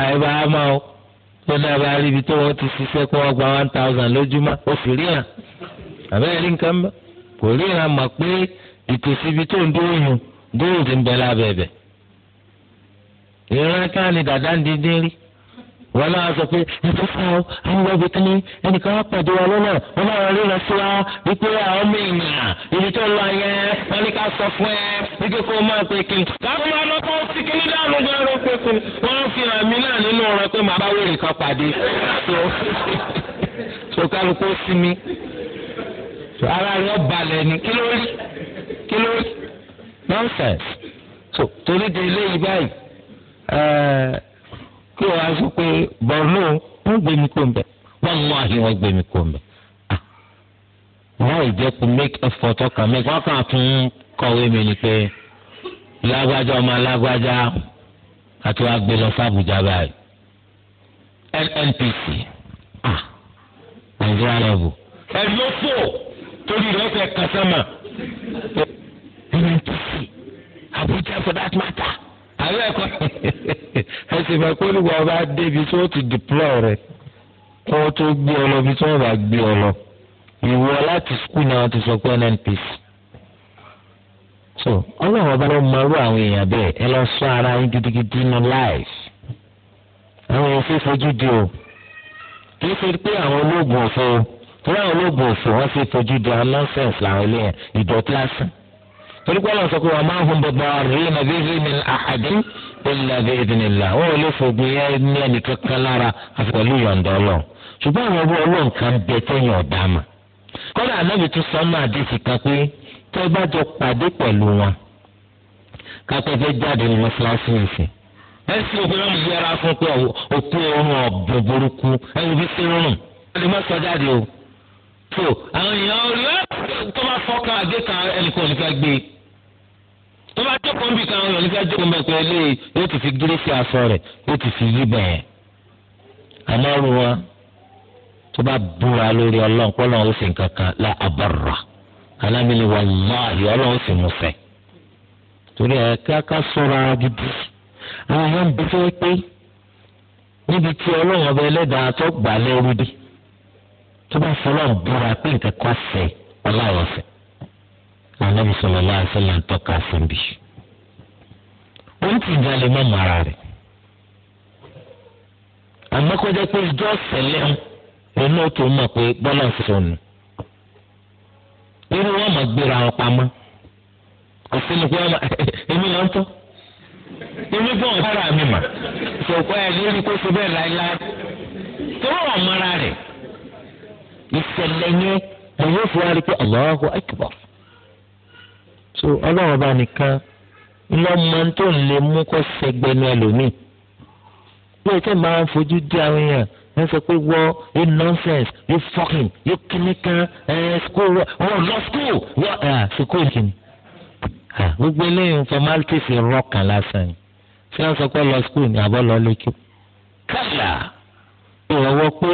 àyíbá àmà ó tó dábàá rí ibi tó wọ́n ti ṣiṣẹ́ kó wọ́n gba one thousand lójúmọ́ ó sì ríran àbẹ́rẹ́ rí nǹkan kò pé ìtòsí ibi tó ń dúró yùn góòlù ń bẹ lábẹ́ bẹ̀. ká dàda ń wọn náà sọ pé ẹsẹ sáà àwọn ọgbẹ kìíní ẹnìkan wá pàdé wa lọ́nà wọn náà rí lọ sí wa wípé àwọn ọmọ èèyàn ibi tó lọ yẹn wọn ní ká sọ fún ẹ wípé kó o máa pè kí n. káwọn máa lọ kó sí kí ní dànù gan ló pé kí n. wọn fi hàn mí náà nínú ọ̀rọ̀ pé màá bá wèrè kan pàdé tó [laughs] kálukú sí mi ara rẹ balẹ̀ ni kí ló rí kí ló rí nonsense so torí de ilé yìí báyìí eh, kí wọ́n á sọ pé bọ́ọ̀lù ń gbé mi kó mbẹ́ wọ́n mú àhìn wọ́n gbé mi kó mbẹ́. wọ́n ì ah. jẹ́ kó make effort ọkàn mi wọ́n kàn tún kọ̀wé mi ni pé lágbájá ọmọ lágbájá àti wàá gbé lọ sí báyìí NNPC ah Nigeria level ẹ ló fò torí rẹ fẹ́ kásámà NNPC Abuja for that matter àwọn ẹ̀kọ́ [laughs] sì fẹ́ kó nígbà ọba débi tó ti dìpúlọ̀ rẹ̀ kó tó gbé ọ lọ bí tó bá gbé ọ lọ ìwọ láti sùkúù náà ti sọ pé nnpc so ọlọ́run ọba ló mọrú àwọn èèyàn bẹ́ẹ̀ ẹ lọ sọ ara yín gidigidi nù láìs àwọn èèyàn fífi ojú di o kì í ṣe pé àwọn olóògùn òfò torí àwọn olóògùn òfò wọn fi fojú di àwọn nọ́ọ̀sẹ̀nsì làwọn eléyàn ìdọ̀tí lásán torí pé ọlọ́run sọ pé wọn máa ń hun bọ̀bọ̀ rí nàbí rí mi àhàdí illa bi idhnillah ó lè fògùn yẹn ní ẹnìkan kan lára àfọlù yọ̀ǹda ọlọ́run ṣùgbọ́n àwọn ọwọ́ ọlọ́run kan bẹ tẹ̀yìn ọ̀dà mà kọ́lá anábì tún sọ́nà àdìsí kan pé tẹ́ bá jọ pàdé pẹ̀lú wọn ka jáde ní mọ́ṣáláṣí nìsín ẹ̀sìn fún pé òkú ọ̀bùn burúkú bí jáde o. tó àwọn èèyàn rí ọ́ tó bá fọ́ tó bá jókòó níbi kan ọ̀rọ̀ nígbà jókòó mọ̀ pé eléyìí yóò ti fi gírísì aṣọ rẹ̀ yóò ti fi yí bẹ̀yẹn. àmọ́ ru wọn tó bá búra lórí ọlọ́run pé ọlọ́run ó nǹkan kan la àbọ̀rà alábìlẹ̀ wàláhì ọlọ́run ó sì mú fẹ́. torí ẹ káká sọ́ra gidi àwọn ọmọ mi fẹ́ pé níbi tí ọlọ́run ọba ẹlẹ́dàá tó gbà lẹ́rú dé tó bá fọlọ́run búra pé nǹkan kan fẹ́ ọlọ́run fẹ́. lànàbì sọlọ lọ àṣẹlẹ ń tọ́ka síbi ó ti jalè rẹ àmọ́ pé ìjọ sẹlẹ ń ronú tó mọ̀ pé bọlá ń irú wọn mọ gbéra wọn pamọ́ kò sínú pé wọn [laughs] èmi ń tọ èmi bọ̀ ọ̀hárà mà sọ̀kọ́ ẹ̀ kó bẹ́ẹ̀ láéláé so ọlọ́run ọba nìkan ńlọ máa ń tó lè mú kó sẹgbẹ́nu ẹlòmíì pé tẹ́ máa ń fojú di àwọn èèyàn ẹ sọ pé wọ́ ẹ nonsense ẹ fọ́kìn ẹ kíníkan ẹ school wọ́ lọ school wọ́ ẹ school kìíní. gbogbo eléyìí formalities rọ́ọ̀kan lásán ni ṣé wọ́n sọ pé lọ school ni àbọ̀ lọ lẹ́kọ̀ọ́. kálá ìrọ̀wọ́ pé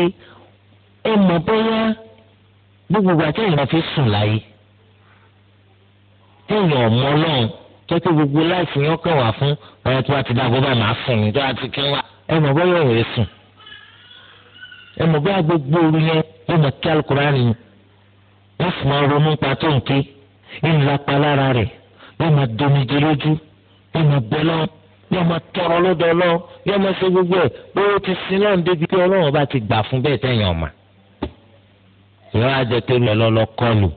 ẹ mọ̀ bóyá gbogbo àti ìrìnàfẹ́ sùn láyé téèyàn ọmọ ọlọ́run jẹ́ kí gbogbo láìsí yẹn kàn wá fún ọ̀rọ̀ tí wọ́n ti dá gbogbo àmà fún mi tó wá ti kí wá ẹ mọ̀ bọ́yọ̀ rẹ̀ sùn ẹ mọ̀ bọ́yà gbogbo oru yẹn yóò mọ̀ kí alukurani wọ́n sì máa ronú pa tó ń ké yóò la pa lára rẹ̀ yóò máa domijé lójú yóò máa bẹ́ lọ́wọ́ yóò máa tọrọ lọ́dọ̀ ọlọ́wọ́ yóò máa ṣe gbogbo ẹ̀ bó ti sin lọ́run débi pé ọlọ́run ọba ti gbà fún bẹ́ẹ̀ tẹ̀yàn ọ̀ma ìyẹn wàá jẹ pé lọ́lọ́ lọ kọlù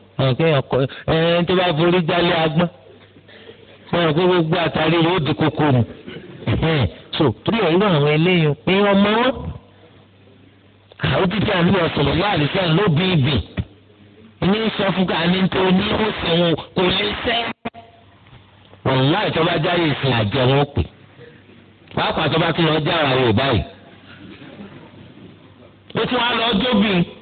ẹni tó bá forí jálé agbọ́n fọyọ̀ pé gbogbo àtàrí yóò di kókó mu so torí ẹ̀ irú àwọn eléyìí pé wọ́n mọ́ wọn àwọn títí àmì ọ̀sọ̀rọ̀ wà lẹ́sẹ̀ ló bí ibì ní sọfúnkà ní tó ní ó sì wọn kò lè sẹ́ wọn láì tó bá jáde ìsìn àjẹ wọn pè pàápàá tó bá tún lọ jára Yorùbá yìí ó tún wá lọ jóbi.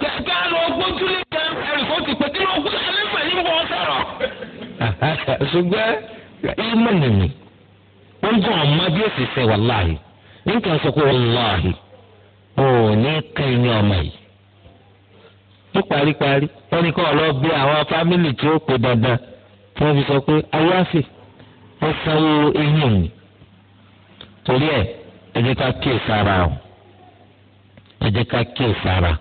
kẹ̀kẹ́ ló gbójúlé kan ẹ̀rìkó ti pè kí ló gbé alẹ́ pẹ̀lú wọn sọ̀rọ̀. [laughs] ṣùgbọ́n ìmọ̀ nìyí wọ́n gbọ́ ọmọ bí èsì sẹ́ nǹkan sọ pé ò ní ọmọ yìí. paríparí kọ́ bí àwọn fámìlì tí ó pè dandan tí wọ́n fi sọ pé eyín ẹ jẹ́ ká kíyè sára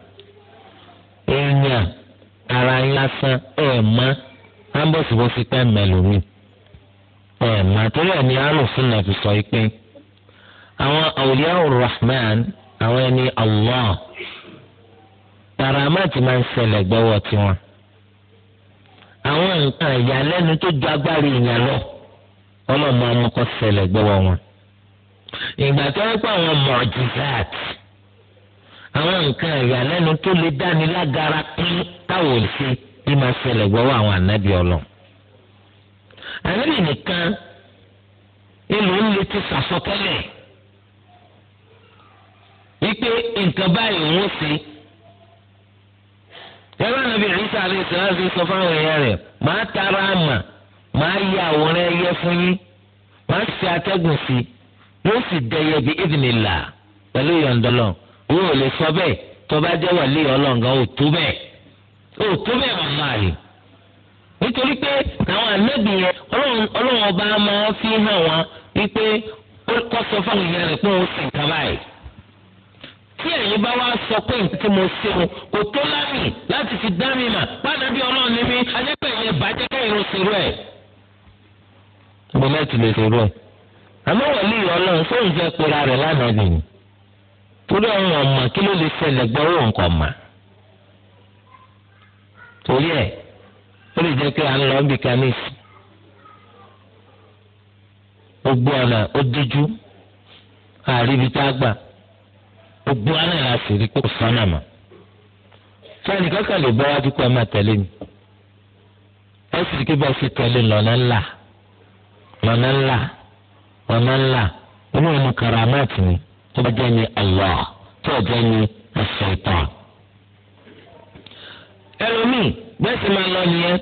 èèyàn ara yín lásán ẹ̀ má ámbọ̀sibọ́sí pẹ́ mẹ́lòmí ẹ̀ má torí ẹ̀ ní alòfin náà fi sọ pé àwọn awliyaa rahman àwọn ẹni allah karamáàtì máa ń ṣẹlẹ̀ gbọ́wọ́ tiwọn àwọn nǹkan ìyàlẹ́nu tó ju agbára ìyàn lọ ọlọ́mọ amúkọ́ ṣẹlẹ̀ gbọ́wọ́ wọn ìgbà tó ń pa àwọn mọ̀ọ́jì àwọn nǹkan ìyàlẹ́nu tó lè dáni lágara pín táwọn ò sí bí máa ṣẹlẹ̀ gbọ́wọ́ àwọn ànábì ọlọ́run. ànábì nìkan ìlú ń lè ti sàsọtẹ́lẹ̀ wípé nǹkan báyìí òun ó ṣe ẹ̀rọ nàbí ìrísà àlẹ́ ìsìlára fi sọ fáwọn èèyàn rẹ̀ máa tara àmà máa ya àwòrán ẹyẹ fún yín máa ṣe atẹ́gùn sí yóò sì dẹyẹ bí ìdìnnìlà pẹ̀lú ìyọ̀ǹdọ́lọ́ọ̀ ìwé ò lè sọ bẹ́ẹ̀ tó bá jẹ́ wàlíì ọlọ́ngàn ò tó bẹ́ẹ̀ ò tó bẹ́ẹ̀ màmá rẹ̀ nítorí pé àwọn ànábì yẹn ọlọ́run ọba máa fi hàn wọn wípé ó kọ́ sọ fáwọn èèyàn rẹ̀ pé òun sì ń kábàáyé tí ẹ̀yin bá wá sọ pé nǹkan tí mo ṣe o kò tó lámì láti fi dá mi mà pàdé bí ọlọ́run ní mi ajẹ́pẹ̀ yẹn bàjẹ́ kẹ́yìn ló ṣerú ẹ̀. mo mẹ́tì lè ṣerú ẹ̀ àmọ́ wọ̀lú ìyọ́ náà torí àwọn ọmọ kí ló lè ṣẹlẹ̀ gbọ́wọ́ nǹkan mà torí ẹ̀ ó lè jẹ́ pé à ń lọ bí kanísì gbogbo ọ̀nà ó díjú àríbi tá a gbà gbogbo ọ̀nà là sì rí pé kò sọ́nà mà sani kankan lè bọ́ wájú pé ẹ máa tẹ̀lé mi ẹ sì rí pé bá ṣe tẹ̀lé lọ́nà ńlá lọ́nà ńlá lọ́nà ńlá inú ọmọ karamáàtì ni tó bá jẹ́ ni Allah tó jẹ́ ni Ṣaitan. ẹlòmíì bẹ́ẹ̀ sì máa lọ nìyẹn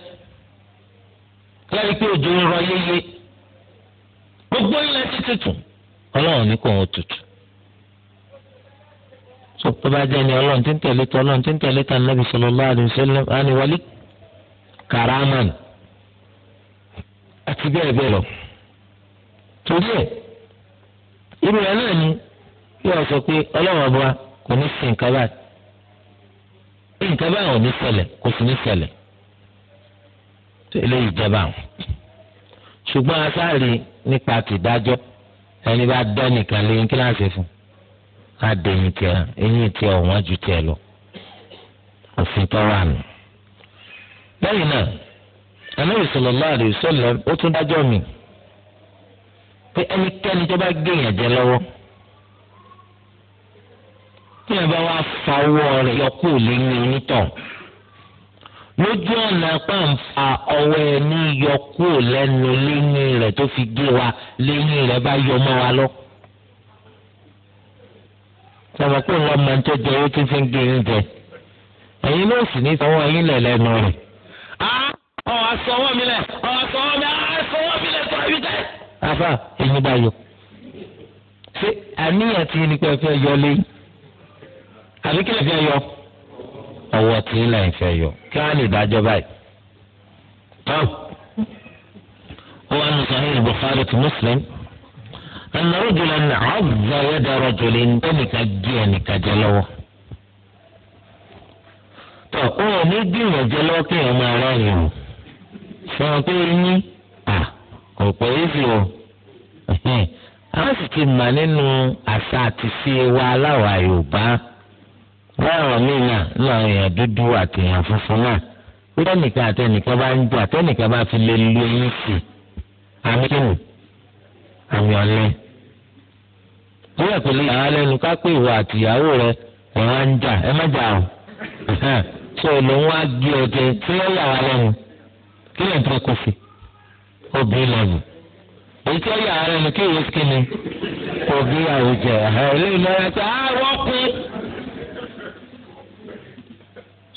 láti pé òjò ń rọ yéye gbogbo ilẹ̀ ti tutù ọlọ́run ní kò wọ́n tutù. sọ tó bá jẹ́ ni ọlọ́run tí ń tẹ̀lé tó ọlọ́run tí ń tẹ̀lé tó Ànábì sallallahu alaihi wasallam àníwálé kàrámàn àti bẹ́ẹ̀ bẹ́ẹ̀ lọ. torí ẹ̀ irú náà ni kí wọ́n sọ pé ọlọ́run ọba kò ní sí nǹkan báyìí nǹkan báyìí ò ní ṣẹlẹ̀ kò sì ní ṣẹlẹ̀ eléyìí jẹba àwọn. ṣùgbọ́n asáàrí nípa tìdájọ́ ẹni bá dọ́ nìkan lé kí láǹṣẹ fún ká dẹ̀yìn tiẹ̀ eyín tiẹ̀ ọ̀wọ́n ju tiẹ̀ lọ òfin tọ́wọ́ àná. lẹ́yìn náà Ànábì sallallahu alaihi wasallam ó tún dájọ́ mi pé ẹnikẹ́ni tó bá gé èèyàn jẹ lọ́wọ́ tí ẹ bá wá fa ọwọ́ rẹ̀ yọkú lẹ́yìn onítọ̀ lójú ọ̀nà pàǹfà ọwọ́ ẹ ní yọkú lẹ́nu lẹ́yìn rẹ̀ tó fi gé wa lẹ́yìn rẹ̀ bá yọ mọ́ wa lọ. sọ̀rọ̀ pé wọ́n máa ń tọ́jú owó tí fi ń gé oúnjẹ ẹ̀yin náà sì ní sọ́wọ́ ẹ̀yin lẹ̀ lẹ́nu rẹ̀. ọ̀ àsọwọ́ mi lẹ̀ ọ̀ àsọwọ́ mi àsọwọ́ mi lẹ̀ sọ̀rọ̀ yìí dẹ́. afa ẹ̀yin bá yọ ṣé àníyàn ti ní pẹ́ fẹ́ yọ lẹ́yìn àbí kí lè fẹ́ yọ ọwọ́ tí ń lẹ́yìn fẹ́ yọ kí wọ́n á lè dájọ́ báyìí. tán ó wà ní sahih bukhari ti muslim ẹnì rúdùlẹ̀ ní ọ̀gbà yẹ́dọ̀rọ̀ jòlè ní ẹnìkan gé ẹnìkan jẹ lọ́wọ́. tọ́ ó wà ní gbìyànjú lọ́wọ́ kí èèyàn máa rẹ́rìn o sọ pé yín kò yìí sí o àwọn sì ti mà nínú àṣà àti sí wa aláwa yorùbá. láwọn míì náà nínú àwọn èèyàn dúdú àti èèyàn funfun náà ó àtẹnìkan bá ń jà tẹnìkan bá fi lè lu eyín sí i àmì kìnnì àmì ọ̀lẹ. lẹ́nu ká pé àtìyàwó rẹ ń jà ẹ má jà o wá tí wọ́n yà wá lẹ́nu kí lè tó kó fi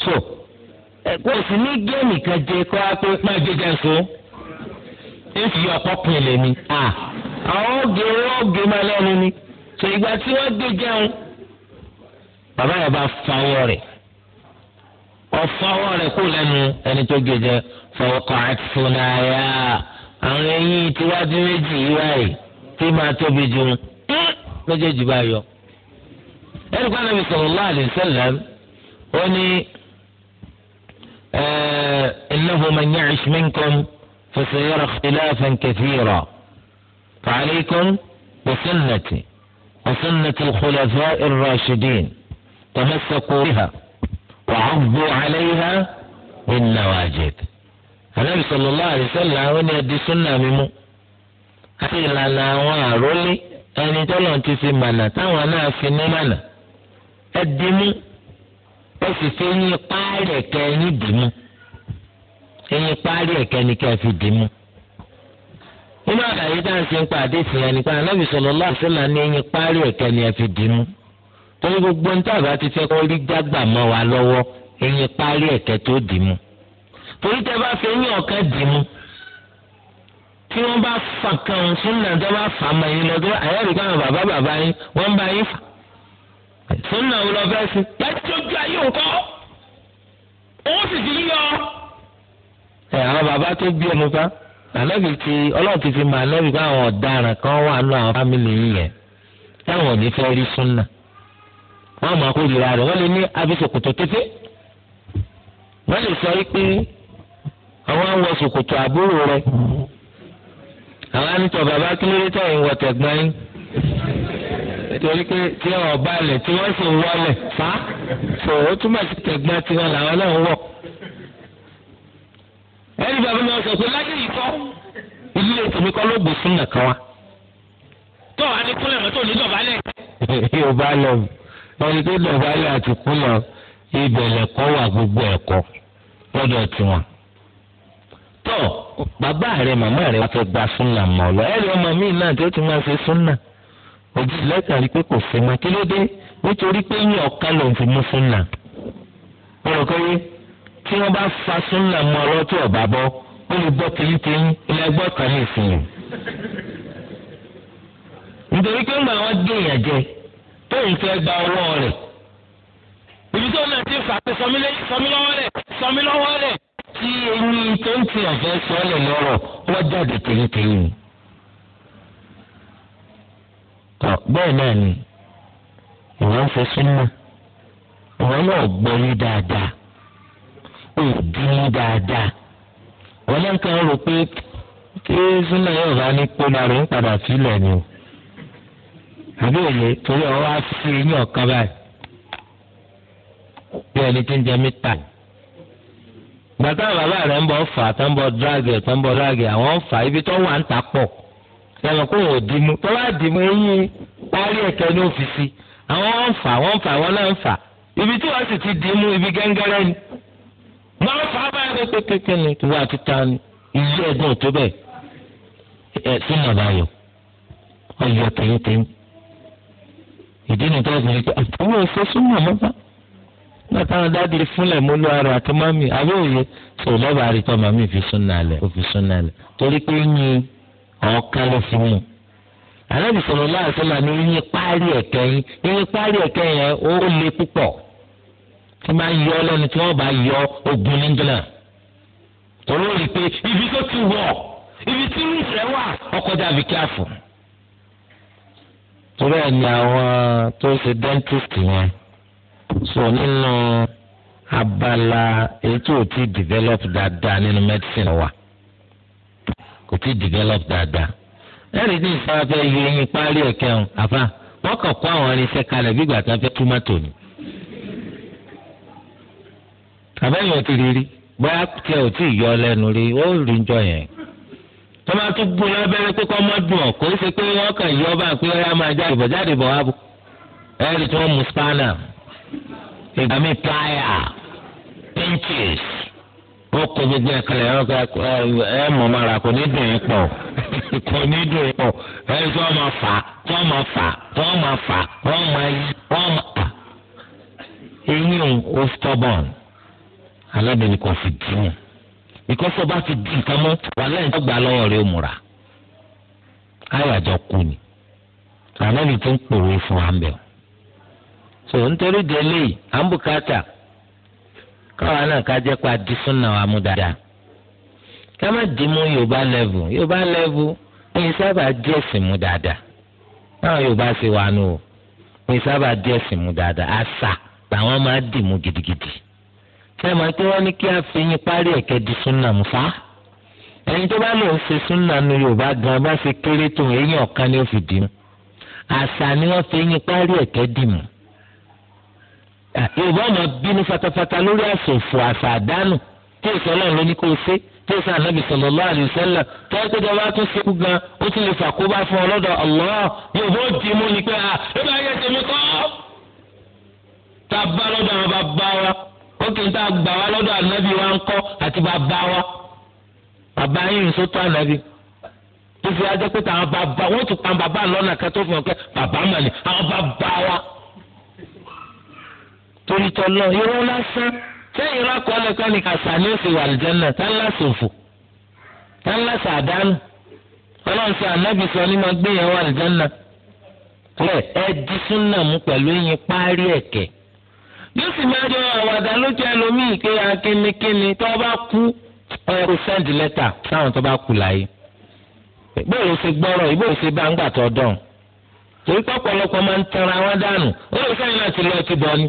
so kò sì ní géèmì kan jẹ kó a pé má jẹjẹ so ń fi oge oge máa ni ìgbà tí wọ́n gbé jẹun bàbá yẹn bá fawọ́ rẹ̀ ọ̀fawọ́ rẹ kó lẹ́nu ẹni tó gé jẹ àti fúnáyà àwọn tiwájú méjì tí máa tóbi hmm, méjèèjì bá yọ. ẹnì kan náà bí sallallahu ó آه إنه من يعش منكم فسيرى اختلافا كثيرا فعليكم بسنتي وسنة الخلفاء الراشدين تمسكوا بها وعضوا عليها بالنواجذ النبي صلى الله عليه وسلم ó يدي سنة ممو mímú لا ìlànà àwọn àrólé تسمنا tọ́lọ̀ ti fi mànà táwọn ẹ sì fi eyín páàrì ẹ̀kẹ́ yín dìímú eyín páàrì ẹ̀kẹ́ ni kẹ́ ẹ fi dìímú. nínú àlàyé tá à ń ṣe ń pàdé ìsìnyẹn nípa anábì sọ̀rọ̀ lọ́sílà ní eyín páàrì ẹ̀kẹ́ ni ẹ fi dìímú. torí gbogbo níta bá ti fẹ́ kó rí jágbà mọ́ wa lọ́wọ́ eyín páàrì ẹ̀kẹ́ tó dìímú. torí tẹ bá fi eyín ọ̀kẹ́ dìímú tí wọ́n bá fa kan sínú àti wọ́n bá fa mọ́ yín lọ́dún àyẹ̀rí sunna wo lọ fẹ́ sí láti ojú ayé òkọ́ owó sì ti yíyọ. ẹ àwọn bàbá tó gbé ọmọ bá ti ọlọ́run ti àwọn ọ̀daràn kan wà nù àwọn fámìlì yìí yẹn táwọn ò fẹ́ rí sunna sọ pé àwọn awọ sòkòtò rẹ àwọn bàbá torí pé tí ọ̀ balẹ̀ tí wọ́n sì ń wọlé fa so ó túmọ̀ sí tẹ̀gbọ́n tiwọn làwọn náà ń wọ̀. ẹni bàbá mi sọ pé lájẹ́ yìí ilé tèmi kọ́ ló gbé fún nìkan wa. tó wàá ní kúnlẹ̀ mọ́tò ní dọ̀bálẹ̀. [laughs] yóò bá lọ tó dọ̀bálẹ̀ àti ìbẹ̀lẹ̀ kọ́ wà gbogbo ẹ̀kọ́ lọ́dọ̀ tiwọn bàbá rẹ màmá rẹ wá fẹ́ gba súnà ti òjì látàrí pé kò fẹ́ mọ́ kí ló dé nítorí pé yín ọ̀ka ló ń fi mú ọ̀rọ̀ tí wọ́n bá fa súnà mọ́ ọ̀rọ̀ tí ọ̀bá bọ́ ó lè bọ́ kiri ilé ẹgbọ́ kan lè fi nítorí pé ńgbà wọn gé èèyàn jẹ tó ń gba ọwọ́ rẹ̀ ibi tó náà rẹ̀ sọmi rẹ̀ tí eyín tó ń ti ọ̀fẹ́ lọ́rọ̀ wọ́n tọ bẹ́ẹ̀ náà ni ìwọ ń fẹ́ súnmọ́ ìwọ náà gbọ́ yín dáadáa ó dín yín dáadáa wọn náà kàn rò pé kí súnmọ́ yóò bá ní pé lára ń padà sílẹ̀ ni o àbí òye torí ọwọ́ á fi yín ọ̀kan báyìí bí ẹni tí ń jẹ mí gbàtà bàbá rẹ̀ ń bọ̀ fà tó ń dráàgì tó ń dráàgì àwọn fà ibi tó wà ń ta pọ̀ yàrá kó wò dìmú tó bá dìmú eyín parí ẹ̀kẹ́ ní òfìsí àwọn wọn ń fà wọn ń fà wọn náà ń fà ibi tí wọ́n sì ti dìmú ibi gẹ́ngẹ́rẹ́ ni wọ́n fà á báyìí pé kékeré ni ìwà àti ta ni iye ẹ̀gbọ́n tó bẹ̀ ẹ̀ sí nàbàyọ̀ ọ̀yọ̀ tẹ̀yìntẹ̀yìn ìdí ni tó ṣe pé àwọn òfin súnmọ́ mọ́tà mọ́tà wọn dáàdi fúnlẹ̀ mú lọ ara àti mọ́mì àbẹ́òye sọ̀rọ̀ lọ́ba àwọn kan ló fi mú Ànábì sallallahu alaihi wasallam ní yín párí ẹ̀kẹ́ yín yín párí ẹ̀kẹ́ yẹn ó le púpọ̀ tí máa ń yọ lẹ́nu tí wọ́n bá yọ ogun níjọ́nà torí ó rí i pé ibi tó ti wọ̀ ibi tí ìfẹ́ wà ọkọ̀ dàbí káfù torí ẹ̀ ní àwọn tó ṣe dentist yẹn sọ nínú abala èyí tó ti develop dáadáa nínú medicine wa kò tí ì develop dáadáa ẹ̀rí ní ìfara fẹ́ yọ eyín parí ẹ̀kẹ́hùn àfa wọ́n kàn kó àwọn irinṣẹ́ kalẹ̀ bí ìgbà tá a fẹ́ túmọ̀tò ni. àbẹ́yẹn ti rí rí bóyá tí ẹ ò tí ì yọ lẹ́nu rí ó rí ń jọ yẹn. tó bá tún gbó lábẹ́rẹ́ pé kọ́ mọ́ dùn ọ̀ kó ṣe pé wọ́n kàn yọ bá pé ọ̀yà máa jáde bọ̀ jáde bọ̀ wá bọ̀. ẹ̀rí tí wọ́n mú spanner ìgbà mi plier pinches wọ́n kó gbogbo ẹ̀ kalẹ̀ ẹ mọ̀ mara kò ní dùn yín pọ̀ [laughs] kò ní dùn yín pọ̀ ẹ tí wọ́n fà tí wọ́n fà tí wọ́n fà yí eyín stubborn kò fi dì mọ́ ti ni ń pòwe fún wa ń bẹ̀ so nítorí délé káwa náà ká jẹ́ pé adísúnà wa mú dáadáa ká má dì mú yorùbá lẹ́vù yorùbá lẹ́vù ní sábà díẹ̀ sì mú dáadáa náà yorùbá sì wà nù o ní sábà díẹ̀ sì mú dáadáa àṣà làwọn máa dì mú gidigidi sẹ́ẹ̀ máa wọ́n ní kí a fi yín parí ẹ̀kẹ́ di súnà mú fa ẹni tó bá lò ń ṣe súnà nu yorùbá gan bá ṣe kéré tó èyí ọ̀kan ni ó fi dì mú àṣà ni wọ́n fi yín parí ẹ̀kẹ́ dì mú yorùbá ọmọ bínú fatafata lórí àsòfò àṣà àdánù tí èso ọlọ́run ló ní kó o ṣe tí èso ànábì sallallahu alaihi wasallam tó ẹ péjọ bá tún ṣekú gan ó tún lè fàkóbá fún ọ lọ́dọ̀ Allah yorùbá ó di mú ni pé à ah, ẹ bá yẹ tèmi kọ́ tá a bá lọ́dọ̀ àwọn bàbá wa ó kì í tá a gbà wá lọ́dọ̀ ànábì wa ń kọ́ àti bàbá wa bàbá yìí ń sọ́tọ̀ ànábì tó fi ajẹ́ pé táwọn bàbá wọ́n tún pa bàbá lọ́nà kẹ́tọ́ fún ọ torí tọ́lọ́ irọ́ lásán sẹ́yìn irọ́ akọ́lẹ̀ kan ní kàṣà ní òsì wà lìjẹ́nà tánlá sòfò tánlá sàdánù ọlọ́run sọ ànábì sọ ní máa gbéyàn wà rẹ̀ ẹ di súnà mú pẹ̀lú eyín párí ẹ̀kẹ́ yóò sì máa jọ àwàdà lójú ẹlòmíì pé akínníkínní tó bá kú ọ̀rọ̀ sẹ́ǹdì lẹ́tà sáwọn tó bá kú láyé ṣe gbọ́rọ̀ ṣe bá ń gbà tọ́ ni.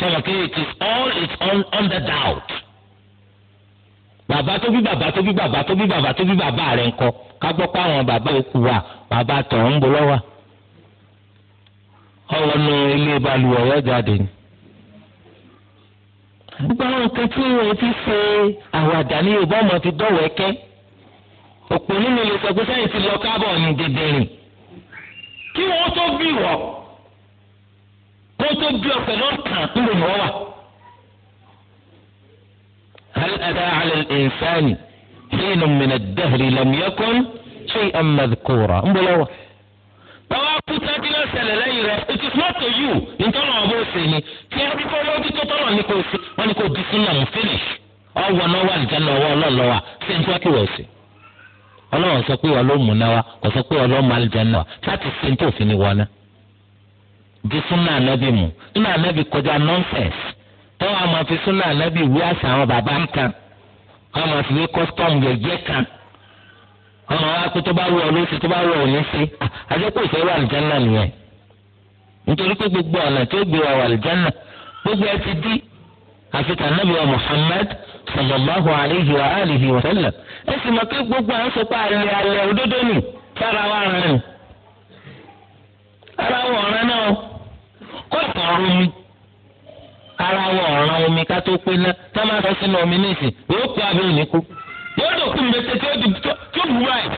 sọ̀rọ̀kẹ́ it is all is all under doubt. bàbá tó bí bàbá tó bí bàbá tó bí bàbá tó bí bàbá rẹ̀ ńkọ́ ká gbọ́ pé àwọn bàbá yòókù wà bàbá tọ̀ ń bolọ́ wà. ọwọ́ nu ilé balùwẹ̀ ọ̀yọ́ jáde ni. gbogbo àwọn nǹkan tí wọ́n ti ṣe àwàdà ní yorùbá ọmọ ti dọ̀wọ́ ẹ̀kẹ́. òpó nínú ilé sọ pé sáyẹ̀nsì lọ káàbọ̀ ní dèdèrè. kí wọ́n tó bí wọ̀ kó tó bí ọ̀fẹ́ lọ́kàn níbo ni wọ́n wà. هل أتى على الإنسان حين من الدهر لم يكن شيئا مذكورا مبلغ tọ́wọ́ kú sáájú náà ṣẹlẹ̀ lẹ́yìn rẹ̀ it is not to you nítorí ọ̀bọ̀ òsè ni tí ẹni kọ́ lójú tó tọ́lọ̀ ní kò sí wọ́n ní kò di sílẹ̀ mú finish ọ̀wọ́ náà wà nìjẹ́ náà ọwọ́ ọlọ́ọ̀lọ́ wa ṣé n tó kí wọ́n sí. ọlọ́run sọ pé wọ́n kò sọ pé wọ́n alìjẹ́ náà di súnà ànábì mu súnà ànábì kọjá nọ́ńsẹ̀nsì tó wàá máa fi súnà ànábì wí àṣà àwọn bàbá ń kan wọ́n máa fi wí kọ́sítọ́ọ̀mù yẹ̀yẹ́ kan wọ́n máa wá pé tó bá wù ọ́ ló ṣe tó bá wù ọ́ ní ṣe àjẹpọ̀ ìfẹ́ wà àlùjánnà nìyẹn nítorí pé gbogbo ọ̀nà tó gbé wa wà àlùjánnà gbogbo ẹ ti di àfità ànábì wa Muhammad sallallahu alayhi wa alihi wa sallam ẹ sì mọ̀ pé gbogbo àwọn sọpá alẹ́ alẹ́ òdodo nì fara wa rẹ̀ nù ara wọn ọ̀rẹ́ náà kọ́ọ̀tù ọ̀rọ̀ omi ara ọrụ ọ̀ràn omi ká tó pé ná tá máa sọ sínú omi nísìn yóò kú abẹ́ òní kú yóò dòkú mbẹ́sẹ̀ tí ó di tó wù wáyé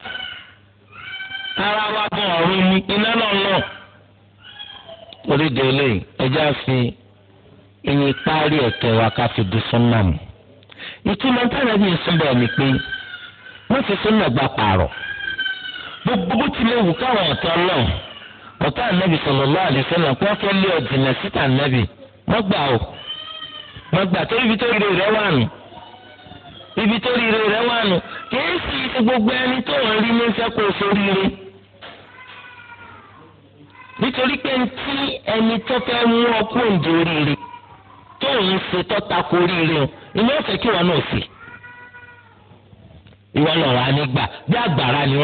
ara wa bọ̀ ọ̀rọ̀ omi iná náà lọ.
orí de eléyìí
ẹjẹ́ àfi ìyìn parí ẹ̀kẹ́ wa ká fi di súnmọ́ mu ìtumọ̀ táwọn ẹbí ìsúnbọ̀ mi pé wọ́n fi gbà pààrọ̀ gbogbo bó tilẹ̀ wù káwọn ọ̀tọ̀ náà. ọ̀tá ànábì sallallahu alaihi wasallam pé fẹ́ lé ọ̀dìnà síta ànábì wọ́n ó wọ́n tó ibi tó rí rẹ̀ wà nù ibi tó rí rẹ̀ wà nù kìí sì gbogbo ẹni tó wọ́n rí ní sẹ́kọ̀ọ́ sóríire nítorí pé tí ẹni tó fẹ́ mú ọkọ̀ òǹdè oríire tó ń ṣe tọ́ta o kí náà náà nígbà bí àgbàrá ni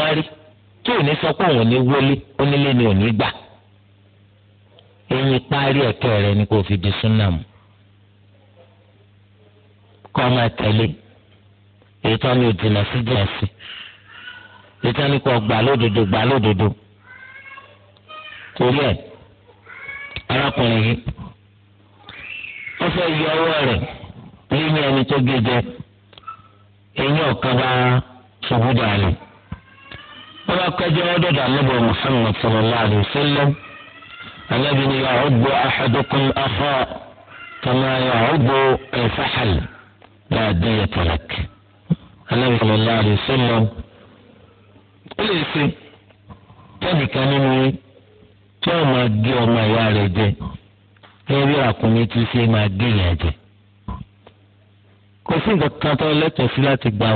tí ò ní sọ pé òun ní wọlé onílé ni ò ní gbà eyín parí ẹ̀kẹ́ rẹ ni kò fi di súnà mu kọ́ ọ máa tẹ̀lé èyí tó ní òjìnà sí jìnà sí èyí tó ní kọ́ gbà lódodo gbà lódodo torí ẹ̀ arákùnrin yìí ó fẹ́ yọ ọwọ́ rẹ̀ lẹ́yìn ẹni tó gé jẹ eyín ọ̀kan bá ṣubú dàlẹ́ wọ́n bá kọjá ọdọdọ alábọ muhammad sallallahu alayhi wa sallam alábi ni yàgùbọ ahadukum afa kama yàgùbọ ẹfahal láàdé yẹtọlak alábi sallallahu alayhi wa sallam ó lè ṣe tẹnìkan nínú yìí tí wọ́n máa gé ọmọ ìyá rẹ̀ jẹ ẹbí àkùnrin ti ṣe máa gé ìyá jẹ kò sí nǹkan tó lẹ́tọ̀ọ́ sí láti gbà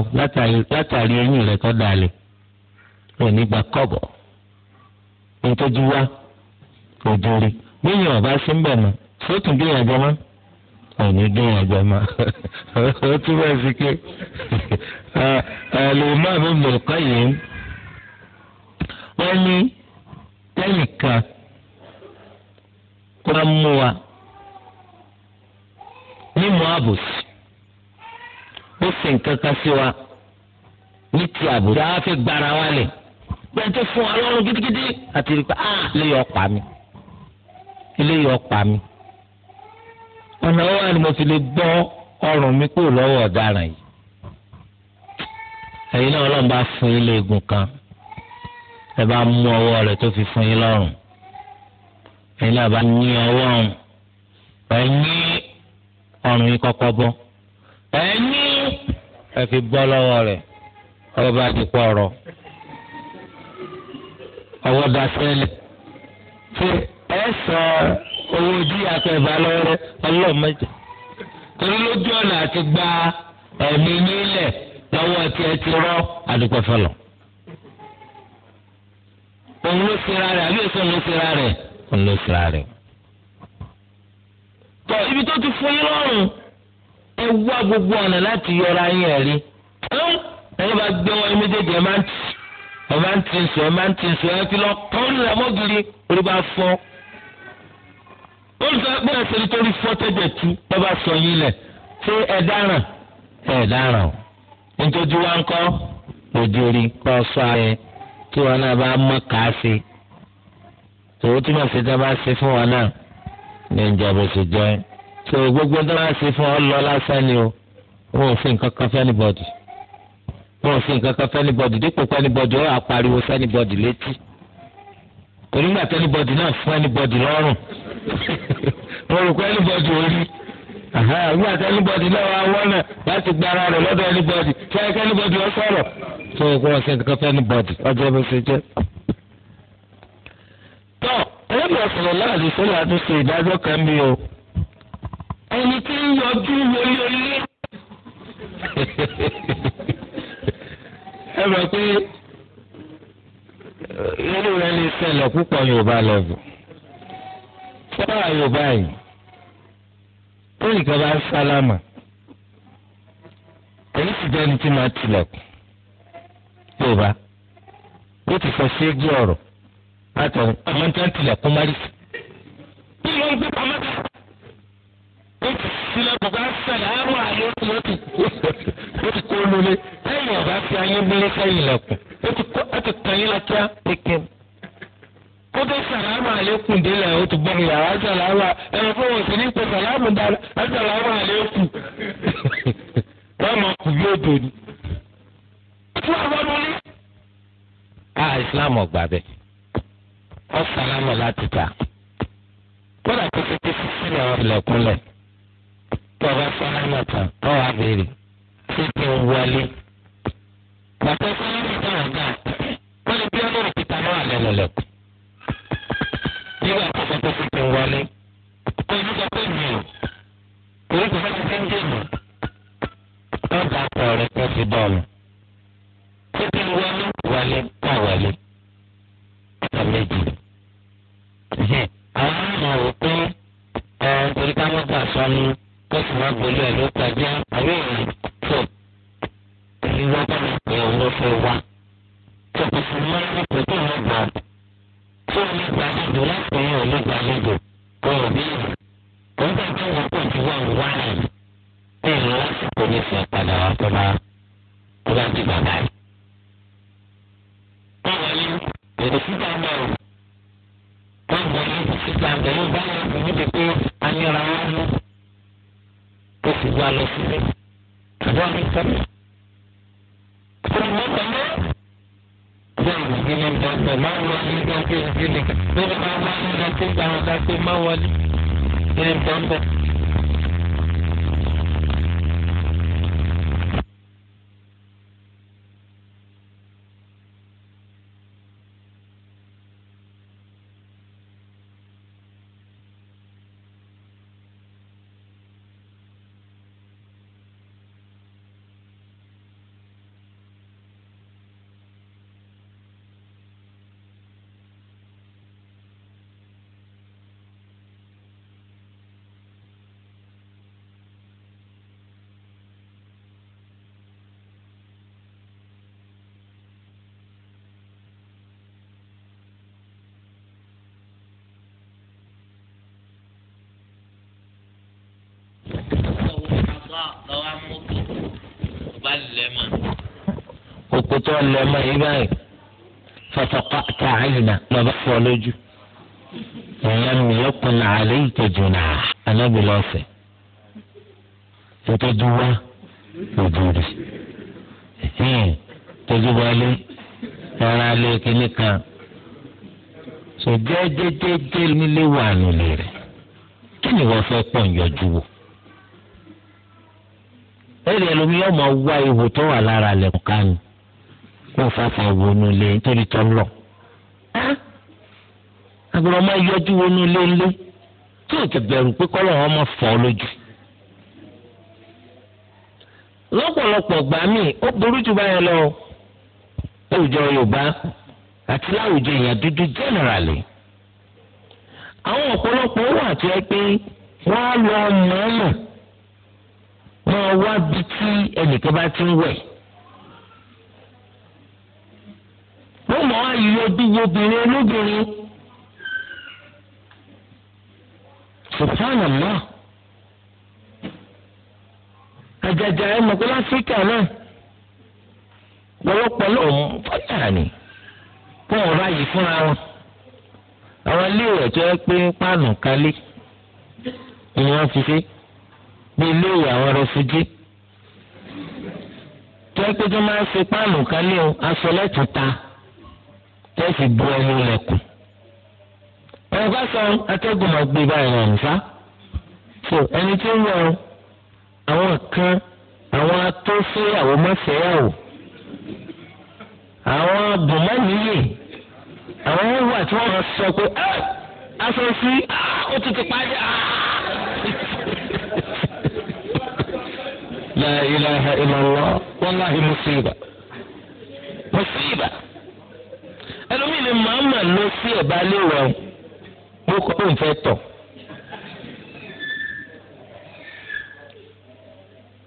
látàrí eyín rẹ̀ tó dalẹ̀ wọn ò ní gba kọ́bọ̀ ohun tó ju wá òjò rí bíyìn ọba sí ń bẹ̀ mọ́ sótún bí ìyàjọ mọ́ òní bí ìyàjọ mọ́ [laughs] ó túbọ̀ sí pé ẹlòmọ́ mi mọ̀ ọ́kọ́ yìí wọ́n ní tẹ́nìkan kó máa mú wa mímú àbòsí ó sì ń kankan sí wa ní ti àbòsí àá fi gbára wa bẹ́ẹ̀ tó fún wa lọ́rùn gidigidi àti rí ah, pa á léyìí ọ̀pá mi léyìí ọ̀pá mi ọ̀nà wa ni mo fi lè gbọ́ ọrùn mi kúrò lọ́wọ́ ọ̀daràn yìí ẹ̀yin náà ọlọ́run bá fún yín léegun kan ẹ bá mú ọwọ́ rẹ̀ tó fi fún yín lọ́rùn ẹ̀yin náà bá ní ọwọ́ ọ̀hún ẹ̀yin ọrùn yín kọ́kọ́ bọ́ ẹ̀yin ẹ fi bọ́ lọ́wọ́ rẹ̀ ọlọ́ba ti pọ̀ ọ̀rọ̀ ọwọ́ daṣẹ́lẹ̀ ṣé ẹ san owó díyà pé ìbá lọ́wọ́ rẹ ọlọ́mọdé torí lójú ọ̀nà àti gba ẹ̀mí nílẹ̀ lọ́wọ́ tiẹ̀ ti rọ́ àdúgbò fọlọ́ òun ló sera rẹ̀ àbí èso ló sera rẹ̀ òun ló sera rẹ̀ tọ ibi tó ti fún yín lọ́rùn ẹ wá gbogbo ọ̀nà láti yọra yín ẹ̀rí ẹ̀yin bá gbé wọn méjèèjì ẹ̀ máa ń tì ẹ máa ń ti sọ ẹ máa ń ti sọ ẹ fi lọ pọ́n lọ mọ́gìrì orí bá fọ́ olùsọ ẹgbẹ́ ẹsẹ̀ nítorí fọ́ tẹ́jẹ̀ tú ẹ bá sọ yín lẹ̀ ṣé ẹ dáràn ẹ dáràn o nítorí wá ń kọ́ lójú rí kọ́ sọ ààrẹ tí wọn náà bá mọ̀ ká sí tòun tí màá ṣe tá a bá ṣe fún wọn náà ní ìjọba ṣe jẹ́ tó gbogbo tó bá ṣe fún ọ lọ lásán ni o wọn ò fi nǹkan kan fẹ́ níbọ̀dì. wọn ò sí nǹkan kan fẹ́nibọ́dì dípò fẹ́nibọ́dì ó àpariwo fẹ́nibọ́dì létí torí gbà fẹ́nibọ́dì náà fún ẹnibọ́dì lọ́rùn wọn [laughs] rò pé ẹnibọ́dì ò rí gbà fẹ́nibọ́dì náà wà wọ́nà láti gba ara rẹ̀ lọ́dọ̀ fẹ́ sọ̀rọ̀ tó o kọ́ sí nǹkan ọjọ́ bó ṣe jẹ́. tọ́ [laughs] ẹ mọ̀ pé eh, irú rẹ lè ṣẹlẹ̀ púpọ̀ yorùbá lẹ́vù fọ́nà yorùbá yìí tó nìkan bá sálámà èyí ti dẹni tí máa tilẹ̀kùn yorùbá ó ti fọ ségi ọ̀rọ̀ látọ̀run àmọ́ tilẹ̀kùn márì sílẹ̀ bàbá sàlámù àlékún ó ti ó ti kó lulẹ̀ lẹ́yìn ọ̀bá fi ayé mílẹ̀ sẹ́yìn lẹ̀kùn ó ti kó ó ti kàn yín lọ́kíá pékin. kó tó sàlámù àlékún délẹ̀ ó ti gbọ́n yàrá sàlámù ẹ̀rọ fún òsì ní ipò sàlámù dára á sàlámù àlékún. wọ́n máa kú bí odò ni. fún àbọ̀dún ní. a Islam ọgbà bẹ́ẹ̀ ọ sàlámù láti ta kódà kó fi ké sísílẹ̀ ọ̀rẹ́lẹ̀kúnlẹ̀ tọ́ba sálámà tán tọ́wọ́ abèrè ṣé kí n wọlé. bàtà sálámà táwọn gà wọ́n lè bí ọlọ́run ìpìtà náà àlẹ́ lọ́lẹ́kùn. nígbà tó sọ pé ṣé kí n wọlé. ó ní sọ pé mi ò torí kò fẹ́ẹ́ ṣe ń dènà. tọ́jà pọ̀ rẹ̀ kẹ́ fi bọ́ọ̀lù. ṣé kí n wọlé wọlé kọ́ wọlé. ọ̀sán méjì. àwọn àmọ̀ wò pé ẹ̀ torí ká mọ́ gbà sọ́nù lọ́sùn máa pẹ̀lú ẹ̀ ló tajà àbí ìrìn tó ìlú wọn bá máa pè òun ló fẹ́ wá. sí máa ń pè tó wọn gbà tó wọn gbà àlejò láti yẹn ò gbà àlejò kó o bí ìrìn. òun bá tó wọn pọ̀ ju wọn wá rẹ̀ bẹ́ẹ̀ ni lásìkò ní fẹ́ padà wá tó máa tó bá di bàbá rẹ̀. wọ́n wọlé èdè síta ń bẹ̀rù wọ́n wọlé síta ń bẹ̀rù báyọ̀ níbi pé a ní ra tó fi wá lọ sílé àbọ̀ mi sọ́mọ́. Ṣé mo sọ́mọ́? Ṣé ìròyìn ní ìgbà tó máa ń wọlé ní ọjọ́ ìdílé? Ṣé mo máa ń wọlé ní ọjọ́ ìgbà tó máa ń wọlé? Ṣé mo sọ́mọ́? àbá lọ́wọ́ amókè tó bá lẹ̀ mọ́. òkú tó lẹ̀ mọ́ yìí báyìí fọ̀tọ̀kọ́ ta àyìnà lọ́ba fọ́ lójú. ìyẹn mi yọkùn náà àlẹ́ ìtẹ̀jù náà anábì lọ́sẹ̀. ìtọ́jú wa lójú rí. tọ́jú wọlé rárá lé kínní kan. sọ jẹ́jẹ́jẹ́jẹ́ nílé wà nílé rẹ̀ kí ni wọ́n fẹ́ pọ̀ ń yọjú wò ẹ̀rí ẹlòmíì yóò máa wá ihò tó wà lára lẹ̀kùn kánú kó fàfà wọnú lé nítorí tó ń lọ. agbọ̀rọ̀ máa yọjú wọnú lé lé tí ò ti bẹ̀rù pé kọ́lọ̀ wọn máa fọ́ lójú. lọ́pọ̀lọpọ̀ gbà mí ó burú jù báyẹn lọ àwùjọ Yorùbá àti láwùjọ èèyàn dúdú generally àwọn ọ̀pọ̀lọpọ̀ wà tó yẹ pé á lọ mọ̀ọ́mọ̀ máa wá bi tí ẹnìkan bá ti ń wẹ̀. wọ́n mọ̀ á yọ dúró obìnrin olóbìnrin. subhanallah àjàjà ẹ mọ̀ pé láfíríkà náà pọ̀lọpọ̀lọ ọ̀hún fọ́yà ni fún ọ̀rá yìí fúnra wọn àwọn ilé ìwẹ̀ tó yẹ pé páànù kálí ni wọ́n fi ṣe ní ilé ìwé àwọn rẹfújí tó ẹ pé tó máa ń fi páànù kálí o aṣọ lẹ́tù ta tó sì bu ẹnu lẹ̀kùn. ẹ bá sọ atẹ́gùn máa gbé báyìí rẹ̀ nfa so ẹni tí ń wọ àwọn kan àwọn atófẹ́yàwó mọ́fẹ́yàwó àwọn bùnmọ́nìyè àwọn wà tí wọ́n sọ pé afẹ́fí ah! ah! ó ti ti pàdé la ilaha illallah wàláhi mùsíbà mùsíbà ẹlòmíì ni màmá lọ sí ẹ̀bá léwọ̀ ó kọ́ ó ń fẹ́ tọ̀.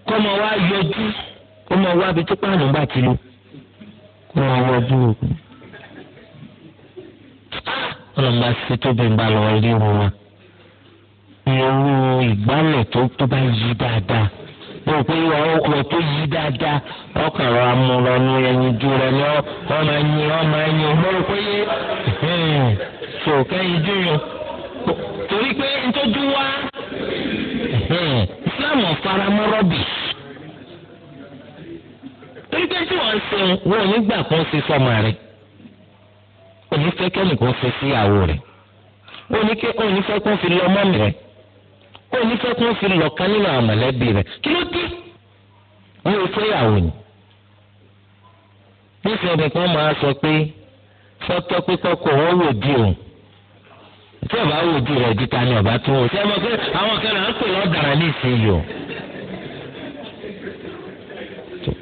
kọ́mọ wa yọjú kọ́mọ wa bi tí páànù bá ti lò kọ́mọ wa yọjú o. ọlọ́mọba ṣe tóbi ń bá lọ rí wọn. irú ìgbálẹ̀ tó tó bá yí dáadáa. mo pe wọ tó yí dáadáa ọkàn rọ amúlọnù ẹyin ju rẹ ni ọmọ ẹyin ọmọ ẹyin mo pé so kẹyìn ju yọ torí pé wá islam rọ́bì torí ṣe wọn ò ní gbà kó ṣe sọmọ rẹ ò ní kẹ́nìkan ṣe síyàwó rẹ ò ó ní fẹ́ kó fi lọ̀kan nínú àwọn mọ̀lẹ́bí rẹ̀ kí ló dé wọ́n yóò fẹ́yàwó ni. níṣẹ́ nìkan máa sọ pé fọ́tọ́ pípọ́kọ̀ wọ́n wò di òun tí ọba wò di rẹ̀ di ta ni ọba tó wò. ṣé ẹ mọ̀ pé àwọn kan náà ń pè lọ́dàrán ní ìsinyìí o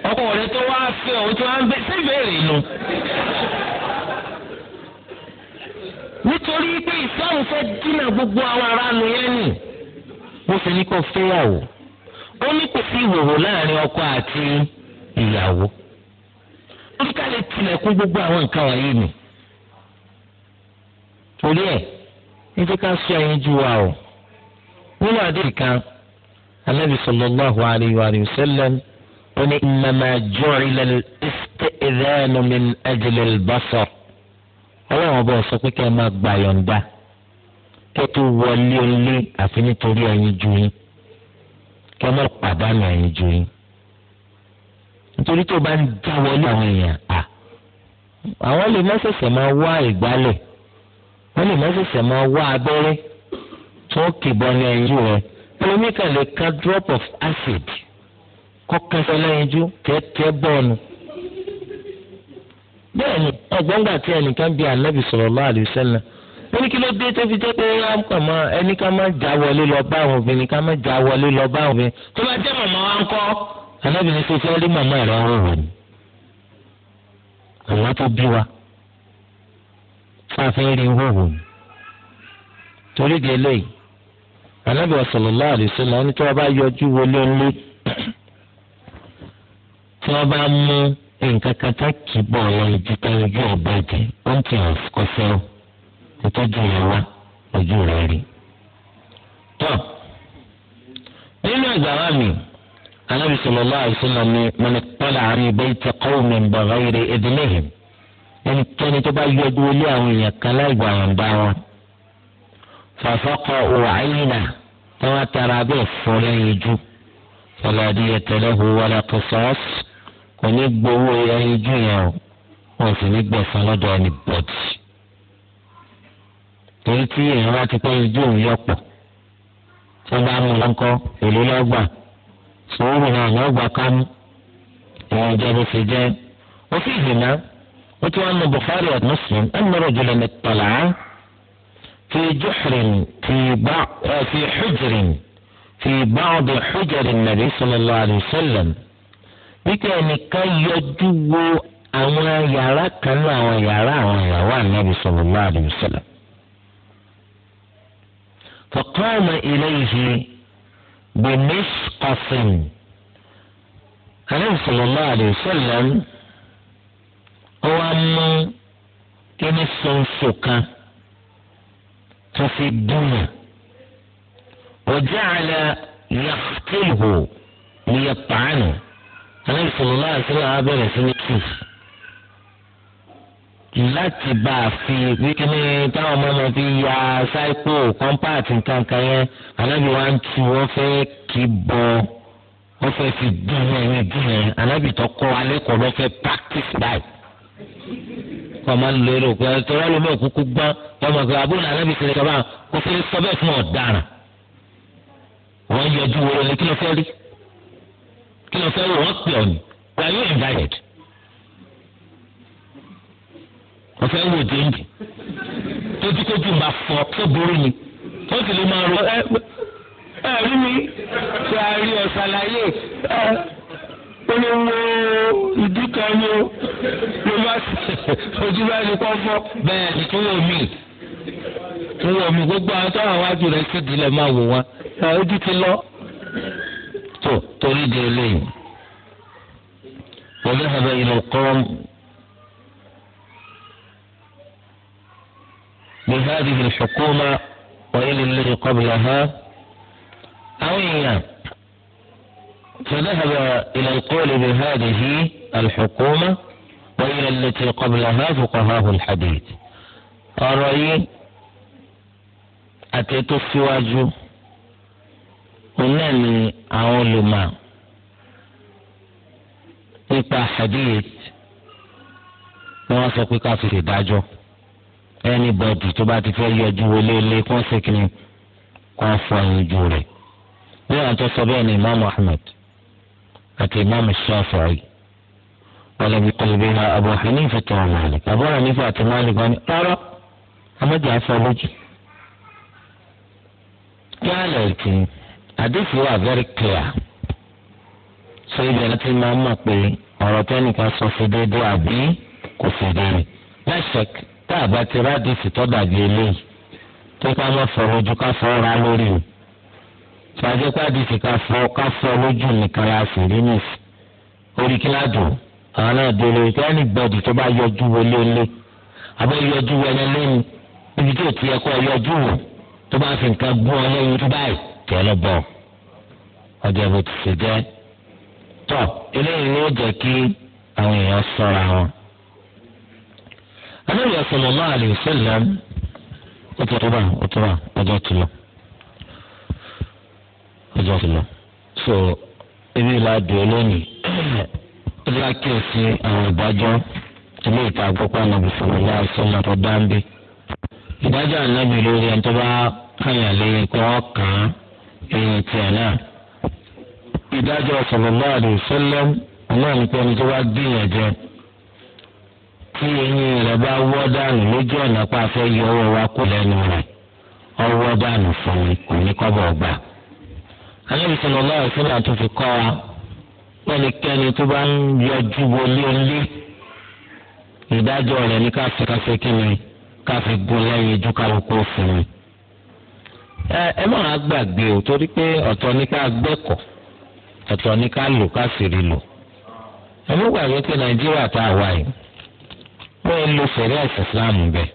ọkọ rẹ tó wá fẹ́ ọ tó wá ń bẹ síbèrè nu. nítorí pé ìsáhùn fẹ́ dínà gbogbo àwọn aráàlú yẹn nì bó ṣe ní kó fẹ́yàwó ó ní kò sí ìhòòhò láàrin ọkọ àti ìyàwó ó ní ká lè tilẹ̀kùn gbogbo àwọn nǹkan wọ̀nyí nì torí ẹ̀ ní kí ká sọ ẹyin ju wa o nínú àdéhùn kan anábì sallallahu alayhi wa ó ní innama ju'ila al-istidhanu min ajli al-basar ọlọ́run ọba ọ̀sọ́ pé kí ẹ máa gbà yọ̀ǹda kẹtù wọlé ọlé àfi nítorí ẹyin ju yín kẹ mọ pàdánù ẹyin ju yín nítorí tó bá ń já wọlé àwọn èèyàn à àwọn lè má ṣẹ̀ṣẹ̀ máa wá ìgbálẹ̀ wọ́n lè má ṣẹ̀ṣẹ̀ máa wá abẹ́rẹ́ tó kìbọn ní ẹyin ju rẹ ẹlòmíì kan lè ka drop of acid kọ́ kẹsẹ̀ lẹ́yìn ju kẹ́kẹ́ bọ́ọ̀nù bẹ́ẹ̀ ni ọgbọ́ngbà tí ẹnìkan bí anabi sallallahu alaihi wasallam wọ́n ní kí ló dé tó fi jẹ́ pé wọ́n kàn mọ́ ẹni ká má já wọlé lọ bá àwọn obìnrin ká má já wọlé lọ bá àwọn obìnrin tó bá jẹ́ màmá wa ń kọ́ anábìnrin tó fẹ́ rí màmá rẹ̀ ń rò ní. àwọn tó bí wa fáfẹ́ rí ń rò ní. torí di eléyìí anábì sallallahu alaihi wasallam ní tí wọ́n bá yọjú wọlé ńlé tí wọ́n bá mú nǹkan kan tá kì í bọ̀ ọ̀rọ̀ ìdíkà ojú ọ̀bàjẹ́ ó ń tì ọ̀ ìtọ́jú yẹn wá ojú rẹ̀ rí. tọ́ nínú ìgbàwá mi anábì sọlọ́lá àìsàn mi mo ní pọ́lá àárín ibẹ̀ ìtẹ́ kọ́ọ̀mù ìbàrá ìrè ẹ̀dínlẹ́yìn ẹnikẹ́ni tó bá yọjú ilé àwọn èèyàn kan láì gbà wọn bá wọn. fàfọ́kọ̀ òwò àyìnà tí wọ́n tara bẹ́ẹ̀ fọ́ lẹ́yìn jù ọlọ́dún yẹn tẹ̀lé huwọ́lá tó sọ́ọ́sì kò ní gbowó ẹyin jù yẹn o wọ́n sì ní gbẹ̀sán lọ́dọ̀ ẹni bọ́dì torí tí èèyàn bá ti pẹ́ ojú òun yọpọ̀ tí wọ́n bá mú lọ́kọ́ èlò lọ́gbà sòwúrò náà lọ́gbà kánú èèyàn jẹ́ bó ṣe jẹ́ ó sì zìnà ó ti wọn mú Bukhari àti Muslim ẹni mọ̀rọ̀ jùlọ ní tọ̀là fi juḥrin fi bá fi xujrin fi báwọ̀dì xujrin nàbí sallallahu alayhi wa sallam bí kẹ́ ẹnìkan yọjú wo àwọn yàrá kan àwọn yàrá àwọn ìyàwó ànábì sallallahu alayhi wa sallam. فقام إليه بمسقص عليه صلى الله عليه وسلم هو أما إن السنسك ففي الدنيا وجعل يختله ليطعنه عليه صلى الله عليه وسلم أبدا سنسك láti bá a fi wíkíní táwọn ọmọ ọmọ fi ya sáìpò kọ́mpáàtì nǹkankan yẹn anábì wa ń tu wọ́n fẹ́ kí bọ́ wọ́n fẹ́ fi dín ẹ̀yìn dín ẹ̀ anábì tó kọ́ alẹ́ kọ́ lọ́ fẹ́ practice by kọ́ máa ń lérò pé tọ́lá lómi òkúkú gbọ́n ọmọ ìgbà abúlé anábì sílẹ̀ kọ́ bá kó fẹ́ sọ bẹ́ẹ̀ fún ọ̀daràn wọ́n yọjú wọlé kí ló fẹ́ rí kí ló fẹ́ rí wọ́n pè ọ́ ní wọ́n yóò invited. ọ̀fẹ́ wò déńdì tójúkójú bá fọ tó burú ni ó sì lè máa ro ẹ ẹ rí mi tí a rí ọ ṣàlàyé ẹ olówó ìdí kan ni o ló bá ojú bá ní kọ́ fọ́ bẹ́ẹ̀ ni tó wọ̀ mí tó wọ̀ mí gbogbo àwọn tó wà wájú rẹ̀ sì dilẹ̀ máa wò wọn ẹ ojú ti lọ tó torí di eléyìí. وذهب إلى القوم لهذه الحكومة وإلى الذي قبلها أو إياه فذهب إلى القول بهذه الحكومة وإلى التي قبلها فقهاء الحديث أرأي أتيت àti tó síwájú òun náà ni àwọn olùmọ̀ nípa hadith anybody tó bá ti fẹ́ yọjú wọlé ilé kó ṣe kí ni kó fọ ojú rẹ̀ bí wọn tó sọ bẹ́ẹ̀ ni imaamu ahmed àti imaamu shafi'i wọlé bí kọlùbí ha abu hanifa tó wà malik abu hanifa àti malik wọn ni rárá amadu afọ lójú yálẹ̀ ìtì àdéhùn wà very clear so ibẹ̀ láti máa mọ̀ pé ọ̀rọ̀ tẹ́nìkan sọ fi déédéé àbí kò fi déédéé tá a bá ti rádìsì tọ́dà di eléyìí tó ká má fọ lójú ká fọ ra lórí o tó a jẹ́ pé àdìsì ká fọ ká fọ lójú nìkan la sì rí nìsí orí kíládùn àwọn náà dé lórí kí anybody tó bá yọjú wọlé lé abẹ́ yọjú wọlé lẹ́nu níbi tí ò ti yẹ kó yọjú wò tó bá fi nǹkan gún ọ lẹ́yìn tó báyìí tẹ́ lọ bọ̀ ọjọ́ bó ti ṣe jẹ́ tọ́ eléyìí ló jẹ́ kí àwọn èèyàn sọ̀rọ̀ àwọn. Ànábì sallallahu alayhi wa sallam ó ti rọba ó ti rà ọjọ́ ti lọ ọjọ́ ti lọ so ebi la dùn lónìí ó ti láti kíyèsí àwọn ìdájọ́ ilé ìta àkọ́kọ́ Ànábì sallallahu alayhi wa sallam tó dáńbé ìdájọ́ Ànábì lórí ẹni tó bá kàyàn lẹ́yìn pé wọ́n kàn án ẹ̀yìn tiẹ̀ náà ìdájọ́ sallallahu alayhi wa sallam ọlọ́run pé ẹni tó bá gbìyànjẹ́ tí eyín rẹ̀ bá wọ́ dànù lójú ọ̀nà pa fẹ́ yọ ọwọ́ wa kú lẹ́nu rẹ̀ ọwọ́ dànù fún mi kò ní kọ́bọ̀ gbà. Ànábì sallallahu alaihi wasallam tó fi kọ́ wa pẹ́nikẹ́ni tó bá ń yọjú wọlé ńlé ìdájọ́ rẹ̀ ní káfí káfí kíni káfí gun lẹ́yìn ojú kálukú fún mi. ẹ máa gbàgbé o torí pé ọ̀tọ̀ ní ká gbẹ́kọ̀ ọ̀tọ̀ ní ká lò ká lò. ẹ mú gbàgbé pé Nàìjíríà tá a wà yìí bẹ́ẹ̀ lo sẹ̀rí ẹ̀sìn islam bẹ́ẹ̀.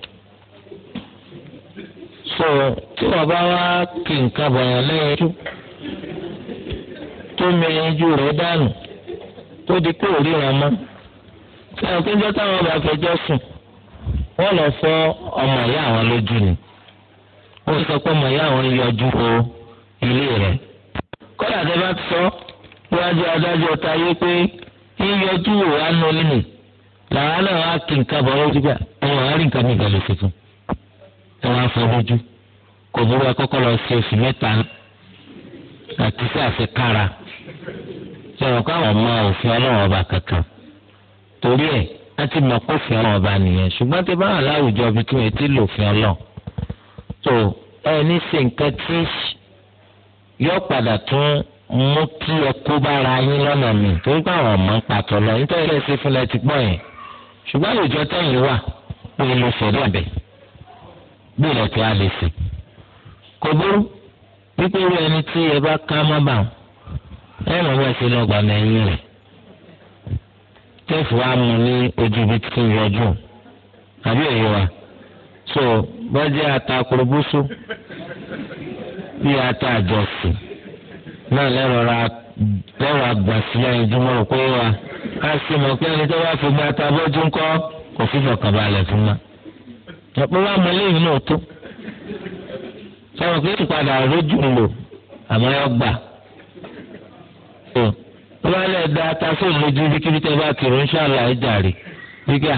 so tí wọ́n bá wá kí nǹkan bọ̀yàn lẹ́yìn ojú tó mẹ́yìn ojú rẹ̀ dànù tó di pé òrí wọn mọ́ tí àwọn kéjọ́ táwọn bá fẹjọ́ sùn wọ́n lọ fọ́ ọmọ ìyá àwọn lójú ni ó sọ pé ọmọ ìyá àwọn yọjú o ilé rẹ̀ kọ́lá tẹ bá sọ wájú adájọ́ ta yé pé yíyọjú òwánú nínú làwọn náà wá kí nǹkan bọ̀ lójú bá ẹ wà á rí nǹkan mìíràn lè tuntun ẹ wà á fọ lójú kò burú ẹ kọ́kọ́ lọ sí oṣù mẹ́ta àti sí àṣekára sọ̀rọ̀ káwọn ọmọ òfin ọlọ́run ọba kankan torí ẹ̀ á ti mọ̀ pé òfin ọlọ́run ọba nìyẹn ṣùgbọ́n tí báwọn aláwùjọ ibi tí wọ́n ti lò òfin ọlọ́run tó ẹ ṣe nǹkan tí yóò padà tún mú kí ẹ kó bára yín lọ́nà mi torí pé ọmọ ń pàtó lọ nítorí ẹ ṣe fúnlẹ̀ ti gbọ́ yẹn ṣùgbọ́n àwùjọ tẹ̀yìn wà wọ́n lo sẹ̀rí àbẹ̀ bí ilẹ̀ tí a lè sè. kò burú pípé irú ẹni tí ẹ bá ká má bà ẹ mọ̀ rẹ̀ tẹ́fù wa mú ní ojú ibi tí ń yọjú àbí wa so bọ́jẹ́ atakurubúsú bí ata àjọsìn lẹ́wọ̀n àgbàsílẹ̀ ìjùmọ̀ òkú wa ká sì mọ̀ pé ẹni tó bá fi gba tabọ́jú ńkọ́ kò fífọ̀ kàbalẹ̀ fún ma. ọ̀pọ̀ wa mọ lẹ́yìn náà tó sọ̀rọ̀ pé ìpadà rójú ń lò àmọ́ yọ gbà. tó bá lẹ̀ da tasó lójú bí kíbi tẹ́ bá kiri ń ṣàlà ẹ̀jà rè gbígbà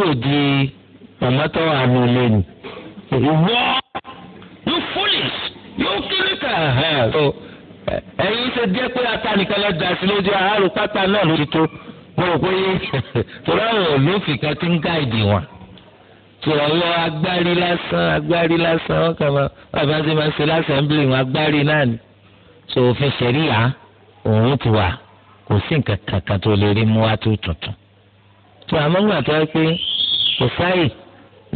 wò di mọ̀mọ́tọ́ àmì lẹ́nu. ìwọ you foolish you kiri kà ẹ̀yin ṣe jẹ́ pé atánìkan lọ dà sí lójú àárò pátá náà lórí tó mo rò pé torí àwọn olófin kan ti ń gáìdì wọn tó ọlọ agbárí lásán agbárí lásán wọn kàn máa bàbá ṣe máa ṣe lásẹ̀ńbìlì wọn agbárí náà ni tó òfin ṣẹ̀ríyà òun ti wà kò sí nǹkan kankan tó lè rí mú wá tó tuntun tó àmọ́ gbà tó yẹ pé kò sáyè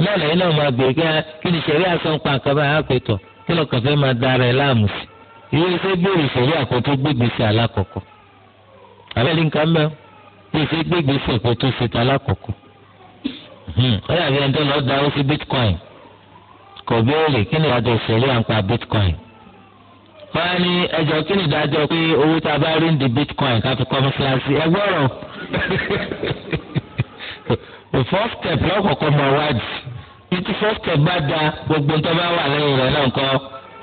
náà náà máa gbé kí ni ṣẹ̀ríyà sọ ń pa nǹkan báyìí kí lọ́kàn fẹ́ máa dára ẹ̀ láàmú ìwé ṣe gbèrè ìṣòro àkótó gbégbèsè alákọ̀ọ́kọ́ abẹ́lé nǹkan mẹ́ bí ṣe gbégbèsè àkótó ṣètò alákọ̀ọ́kọ́ hmm. ó yà bí ẹni tó lọ́ọ́ darí sí bitcoin kò béèrè kí ni ìdájọ́ ìṣòro à bitcoin wọ́n á ní ẹjọ́ kí ni ìdájọ́ pé owó tá a bá rí ń bitcoin ká fi kọ́ mọ́ṣáláṣí ẹgbọ́rọ̀ the first step lọ́kọ̀ọ́kọ́ mọ̀ wájú títí first step bá da gbogbo ń tọ́ bá wà lẹ́yìn rẹ̀ náà nǹkan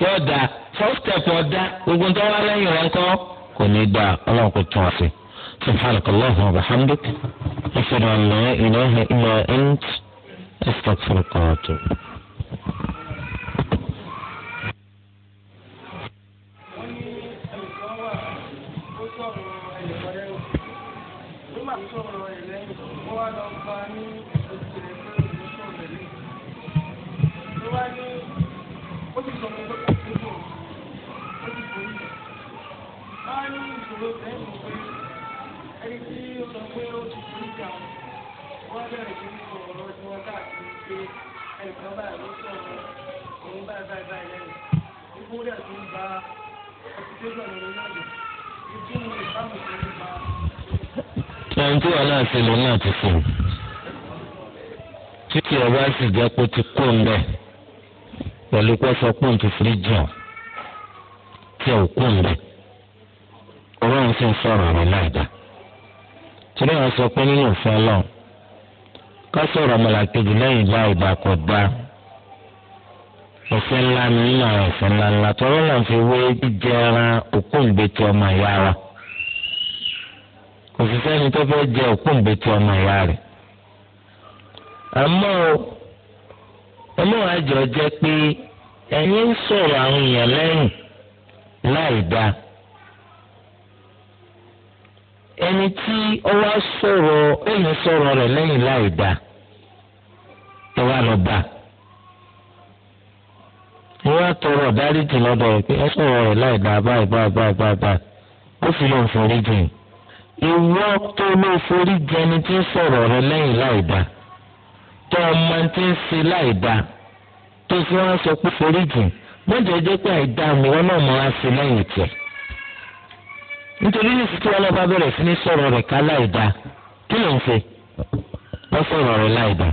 yóò da first step ọ̀dá gbogbo tó wá lẹ́yìn rẹ̀ ńkọ́ kò ní í dáa ọlọ́run kò tún ọ̀sẹ̀. سبحانك اللهم وبحمدك أشهد أن لا إله إلا أنت أستغفرك وأتوب Thank wọ́n á ní ìṣòro tẹ́lẹ̀ pé ẹni tí ó sọ pé ó ti kú ìjà wọ́n bẹ̀rẹ̀ sí ní ọ̀rọ̀ tí wọ́n káàkiri pé ẹnìkan báyìí ló sọ̀rọ̀ òun báyìí báyìí báyìí lẹ́yìn ikú rẹ̀ tó ń ba ẹtìtẹ́sán lórí náà lò ikú mi ìbámu tó ń ba. nàìjíríà náà ti lò náà ti títí ọba sì jẹ́ pé ti kó ń bẹ̀ pẹ̀lú pé sọ pé òun ti fi jàn tí ò kó ń bẹ̀. ọlọ́run sì ń sọ̀rọ̀ rẹ̀ láìda torí àwọn sọ pé nínú òfin ọlọ́run ká sọ̀rọ̀ lẹ́yìn ìgbà nínú àwọn ńlá ńlá náà fi wé jíjẹ ẹran ọmọ ìyá kò sì sẹ́ni tó pé ẹ̀yin ń sọ̀rọ̀ àwọn èèyàn lẹ́yìn ẹni tí ó wá sọ̀rọ̀ ẹ̀yìn sọ̀rọ̀ rẹ̀ lẹ́yìn láì dá ẹ wá lọ bá ẹ wá tọrọ dáríjì lọ́dọ̀ rẹ̀ pé ẹ sọ̀rọ̀ rẹ̀ láì dá báyìí báyìí báyìí báyìí báyìí ó fi lọ́n forí jìn ìwọ tó ló forí jẹ ẹni tí ń sọ̀rọ̀ rẹ̀ lẹ́yìn láì dá tó ọmọ tí ń ṣe láì dá tó fi wá sọ pé forí jìn mọ́jọ́ jẹ́ pé àìdá mi wọn náà mọ́ á ṣe lẹ́yìn tiẹ̀ nítorí ní ìsìtú ọlọ́ba bẹ̀rẹ̀ sí ní sọ̀rọ̀ rẹ̀ ká láìda kí ló ń ṣe wọ́n sọ̀rọ̀ rẹ̀ láìda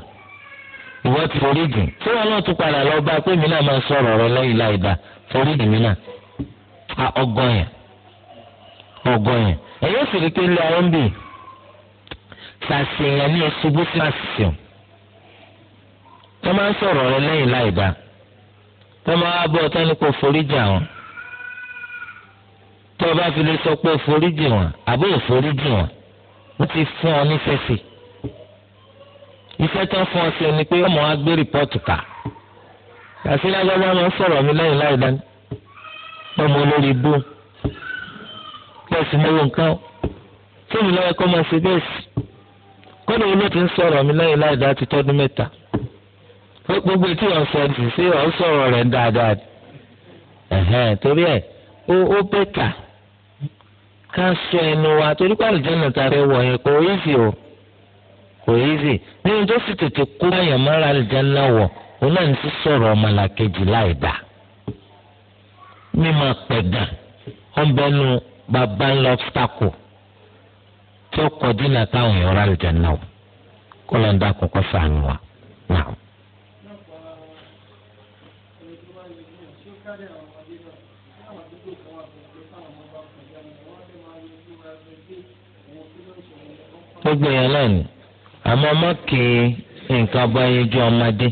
ìwọ ti forí jìn tí wọn náà tún padà lọ bá pé mi náà máa sọ̀rọ̀ rẹ̀ lẹ́yìn láìda forí jìn mi náà a ọgọ́ yẹn ọgọ́ yẹn èyí ó sì rí pé ilé ayé ń bì sàṣeyàn ní ṣubú sí àṣìṣe wọ́n máa ń sọ̀rọ̀ rẹ̀ lẹ́yìn láìda wọ́n máa bọ́ ọtọ́ nípa forí jìn àwọn tó o bá fi lè sọ pé o foríjì wọn àbí o foríjì wọn o ti fún ọ nífẹ̀ẹ́ sí iṣẹ́ tó ń fún ọ sí ni pé ọmọ wa gbé rìpọ́ọ̀tù kà àti lágbàgbà máa ń sọ̀rọ̀ mi lẹ́yìn láì dání ọmọ olórí bó pẹ̀sì mọ́wọ́ nǹkan fóònù lọ́wọ́ kọ́ máa ṣe bẹ́ẹ̀ sí kọ́ni olóò ti ń sọ̀rọ̀ mi lẹ́yìn láì dá ti tọ́dún mẹ́ta gbogbo etí ọ̀ sọ ti ṣé ọ̀ sọ̀rọ̀ rẹ̀ dáadáa torí ẹ̀ ó bẹ́tà ká sọ ẹnu wa torí pé àlùjánnà ta fẹ́ wọ̀ yẹn kò easy o kò easy nínú tó sì tètè kó báyọ̀ mọ́ra àlùjánnà wọ̀ ó náà ń sọ̀rọ̀ ọmọlàkejì láì dá mímọ pẹ̀gàn ọ̀nbẹ́nu bàbá ńlọ ọ́bstákù tí ó kọ dínà táwọn èèyàn rà àlùjánnà wọ̀ kó lọ́n dá kọ́kọ́ sànù wa náà. gbogbo yẹn náà ni àmọ́ ọmọ kìí nǹkan bá yẹn ju ọmọdé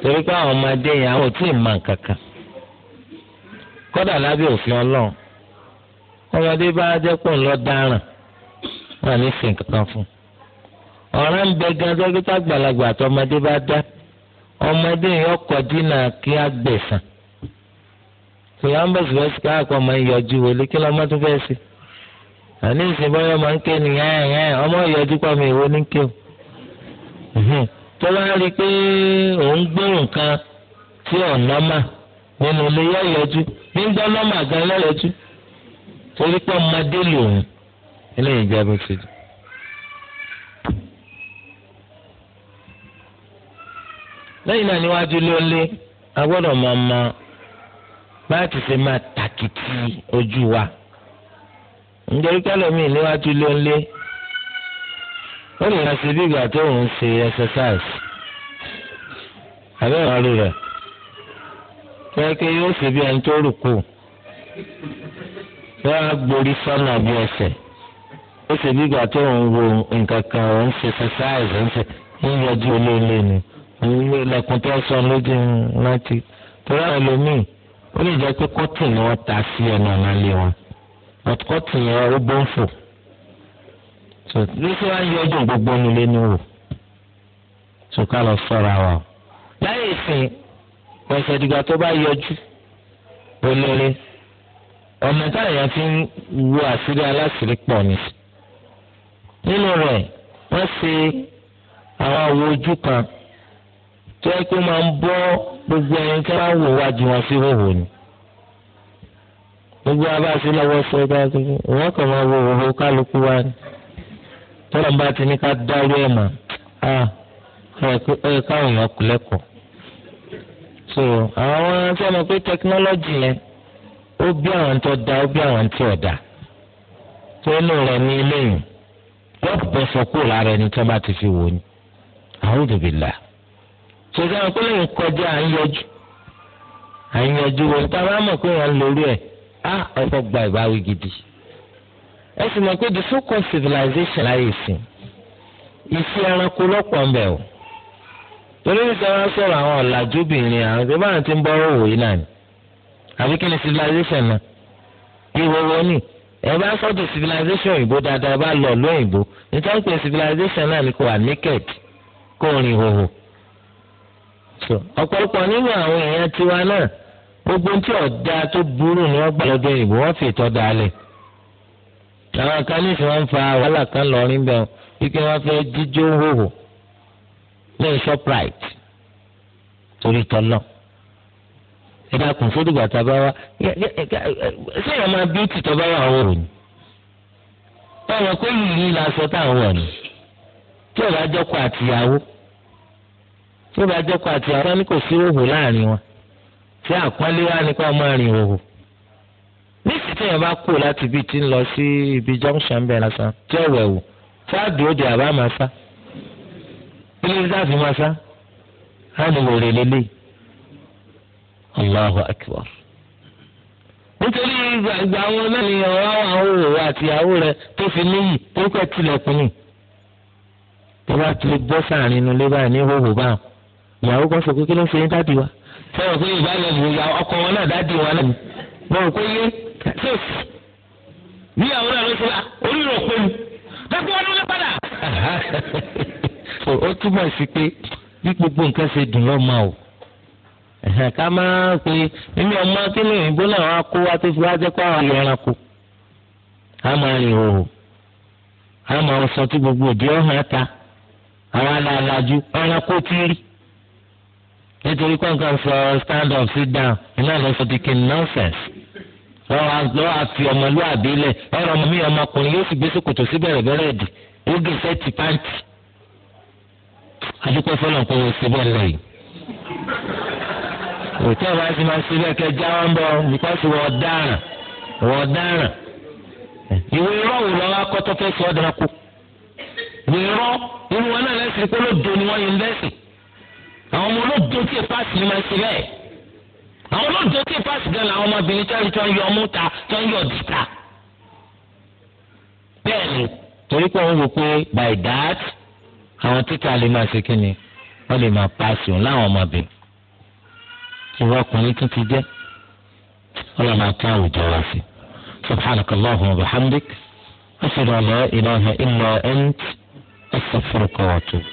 torí pé àwọn ọmọdé yẹn àwọn ò tí ì mọ nǹkan kódà lábẹ́ òfin ọlọ́run ọmọdé bá jẹ́ pọ̀ ńlọ dáràn wọn ní sìn kankan fún ọ̀ràn ń bẹ gan dókítà àgbàlagbà ọmọdé bá dá ọmọdé yẹn ọkọ̀ dínà kí á gbẹ̀sán. sọyàn bẹ̀sì bẹ̀sì káà kọ́ máa ń yọjú wọlé kí lọ́mọ tó fẹ́ sí. àní ìsìn bọ́yọ̀ máa ń ké ọmọ ìyọjú pọ̀ mi ìwo ní kéw. tó bá rí i pé òun gbóhùn kan tí ọ̀nà mà nínú ilé yọ yọjú nígbà nọ́mà gan yọ
torí pé ọmọdé lòun
bá ti ṣe máa ojuwa ojú wa nítorí kálọ̀mí níwájú ló ń lé ó lè rán sí bí ìgbà tó ń ṣe exercise àbẹ́ ìwádìí rẹ̀ pẹ́ẹ́kẹ́ yóò ṣe bí ẹni tó rù kù wọ́n á gborí sọ́nà bí ẹsẹ̀ ó ṣe bí ìgbà tó ń exercise ń ṣe ń yọjú olóńlé ni ó lè jẹ́ pé kọ́tìn ni wọ́n ta sí ẹnu ọ̀nà ilé wọn but kọ́tìn yẹn ó bó ń fò so ní sọ wá yọ ọdún gbogbo nílé ní wò so ká lọ sọ̀rọ̀ àwọn o láyé ìsìn pẹ̀sẹ̀ ìdìgbà tó bá yọjú olóore ọ̀nà táyà fi ń wo àṣírí aláṣírí pọ̀ ni nínú rẹ̀ wọ́n ṣe àwọn àwo ojú kan tó yẹ kó máa ń bọ́ gbogbo ẹni tí wọ́n wò wájú wọn sí wòwò ni. gbogbo abáṣe lọ́wọ́ sọ dáadéé wọ́n kàn máa wo òwò kálukú wa ni. tọ́lọ̀ bá ti ní ká dárí ẹ̀ mà á ẹ̀ káwọn èèyàn kú lẹ́kọ̀ọ́. so àwọn sẹ́nu pé tẹkinọ́lọ́jì yẹn ó bí àwọn tó da ó bí àwọn tí ò da. tó inú rẹ̀ ní eléyìí wọ́n bẹ̀ fọ́ kúrò lára ẹni tó bá ti fi wò ni. àwùjọ bìlà sọ̀rọ̀ àwọn pẹ́lẹ́ yìí kọjá à ń yọjú à ń yọjú wọ́n tá a bá mọ̀ pé wọ́n lórí ẹ̀ á ọ̀pọ̀ gba ìbáwí gidi ẹ sì mọ̀ pé the so called civilization láyé ìsìn ìfi ẹranko lọ́pọ̀ ń bẹ̀ o torí ní sọ́ra sọ̀rọ̀ àwọn ọ̀làjú àwọn tó bá ti ń bọ́ òwò yìí náà ni àbí kí ni civilization náà ìwọ́wọ́ ni ẹ bá sọ́dọ̀ civilization òyìnbó dáadáa bá lọ lóyìnbó nítorí pé civilization náà ni kò wà naked kò rìn hòhò ọ̀pọ̀lọpọ̀ nínú àwọn èèyàn tiwa náà gbogbo tí ọ̀dà tó burú ni wọ́n gbà lọ́dọ̀ ìbò wọ́n fi ìtọ́ da lẹ̀. àwọn kan ní ìfẹ́ wọn fa wàhálà kan lọ́rin bẹ́ẹ̀ wípé wọ́n fẹ́ jíjó hòhò lẹ́yìn shoprite torí tọ́lọ̀. ẹ dákun sódìgbà tá a bá wá sẹ́yìn máa bí tìtọ́ bá wà wọ̀ ni. báwọn kò yìí ní ìlàsọ táwọn wọ̀ ni tí ọ̀rọ̀ àjọkọ̀ àtìyàwó. tí ó bá jẹ́ kó àti àwọn ní kò sí òhò láàrin wọn tí àpọ́nlé wá nípa ọmọ rìn òhò níṣìí tí èèyàn bá láti ibi tí ń lọ sí ibi junction bẹ́ẹ̀ lásán tí ó wẹ̀ wò fáàdì òde àbá máa sá máa sá láti wò nítorí ìgbà àwọn mẹ́rin ọ̀rọ̀ àwọn òwò àtìyàwó tó fi níyì tó kẹ́ tilẹ̀kùn ni tó bá bọ́ ìyàwó kan sọ pé kí ló ń ṣe ní wa ọkọ wọn náà dádì wọn náà mo rò pé yé sèf níyàwó náà ló ṣe oríire òpó mi wọn ló lé padà. ó túmọ̀ sí pé bí gbogbo nǹkan ṣe dùn o ká máa a máa rìn òhò máa sọ tí gbogbo ọ̀hún nítorí kọ́ńkàn sọ stand up sit down iná lọ sọ di kin nonsense lọ́wọ́ àfi ọmọlúwàbí lẹ̀ ọ̀rọ̀ ọmọ mi ọmọkùnrin yóò sì gbé sòkòtò sí bẹ̀rẹ̀bẹ̀rẹ̀ dì ó gé sẹ́ẹ̀tì pàǹtì adúpẹ́ fọlọ́n kó o síbẹ̀ lẹ́yìn òtẹ́ wa ti máa síbẹ̀ kẹ́ jáwọ́ ń bọ̀ nípasẹ̀ wọ́n dáràn wọ́n dáràn ìwé rọ́ọ̀wù lọ́wọ́ akọ́tọ́fẹ́ sọ́ọ́ dára kú ìwé rọ́ọ̀ irú wọn àwọn ọmọ olóògbé tí paasi máa ti bẹ́ẹ̀ àwọn olóògbé tí paasi gan làwọn ọmọbìnrin tí wọ́n yọ ọmú ta tí wọ́n yọ dìta bẹ́ẹ̀ ni torí pé wò pé by that àwọn títà lè máa ṣe kíni wọ́n lè máa paasi òun láwọn ọmọbìnrin ìwọ ọkùnrin tún ti jẹ́ wọ́n lè máa tún àwùjọ wá sí subhanaka allahumma wa bihamdik ashhadu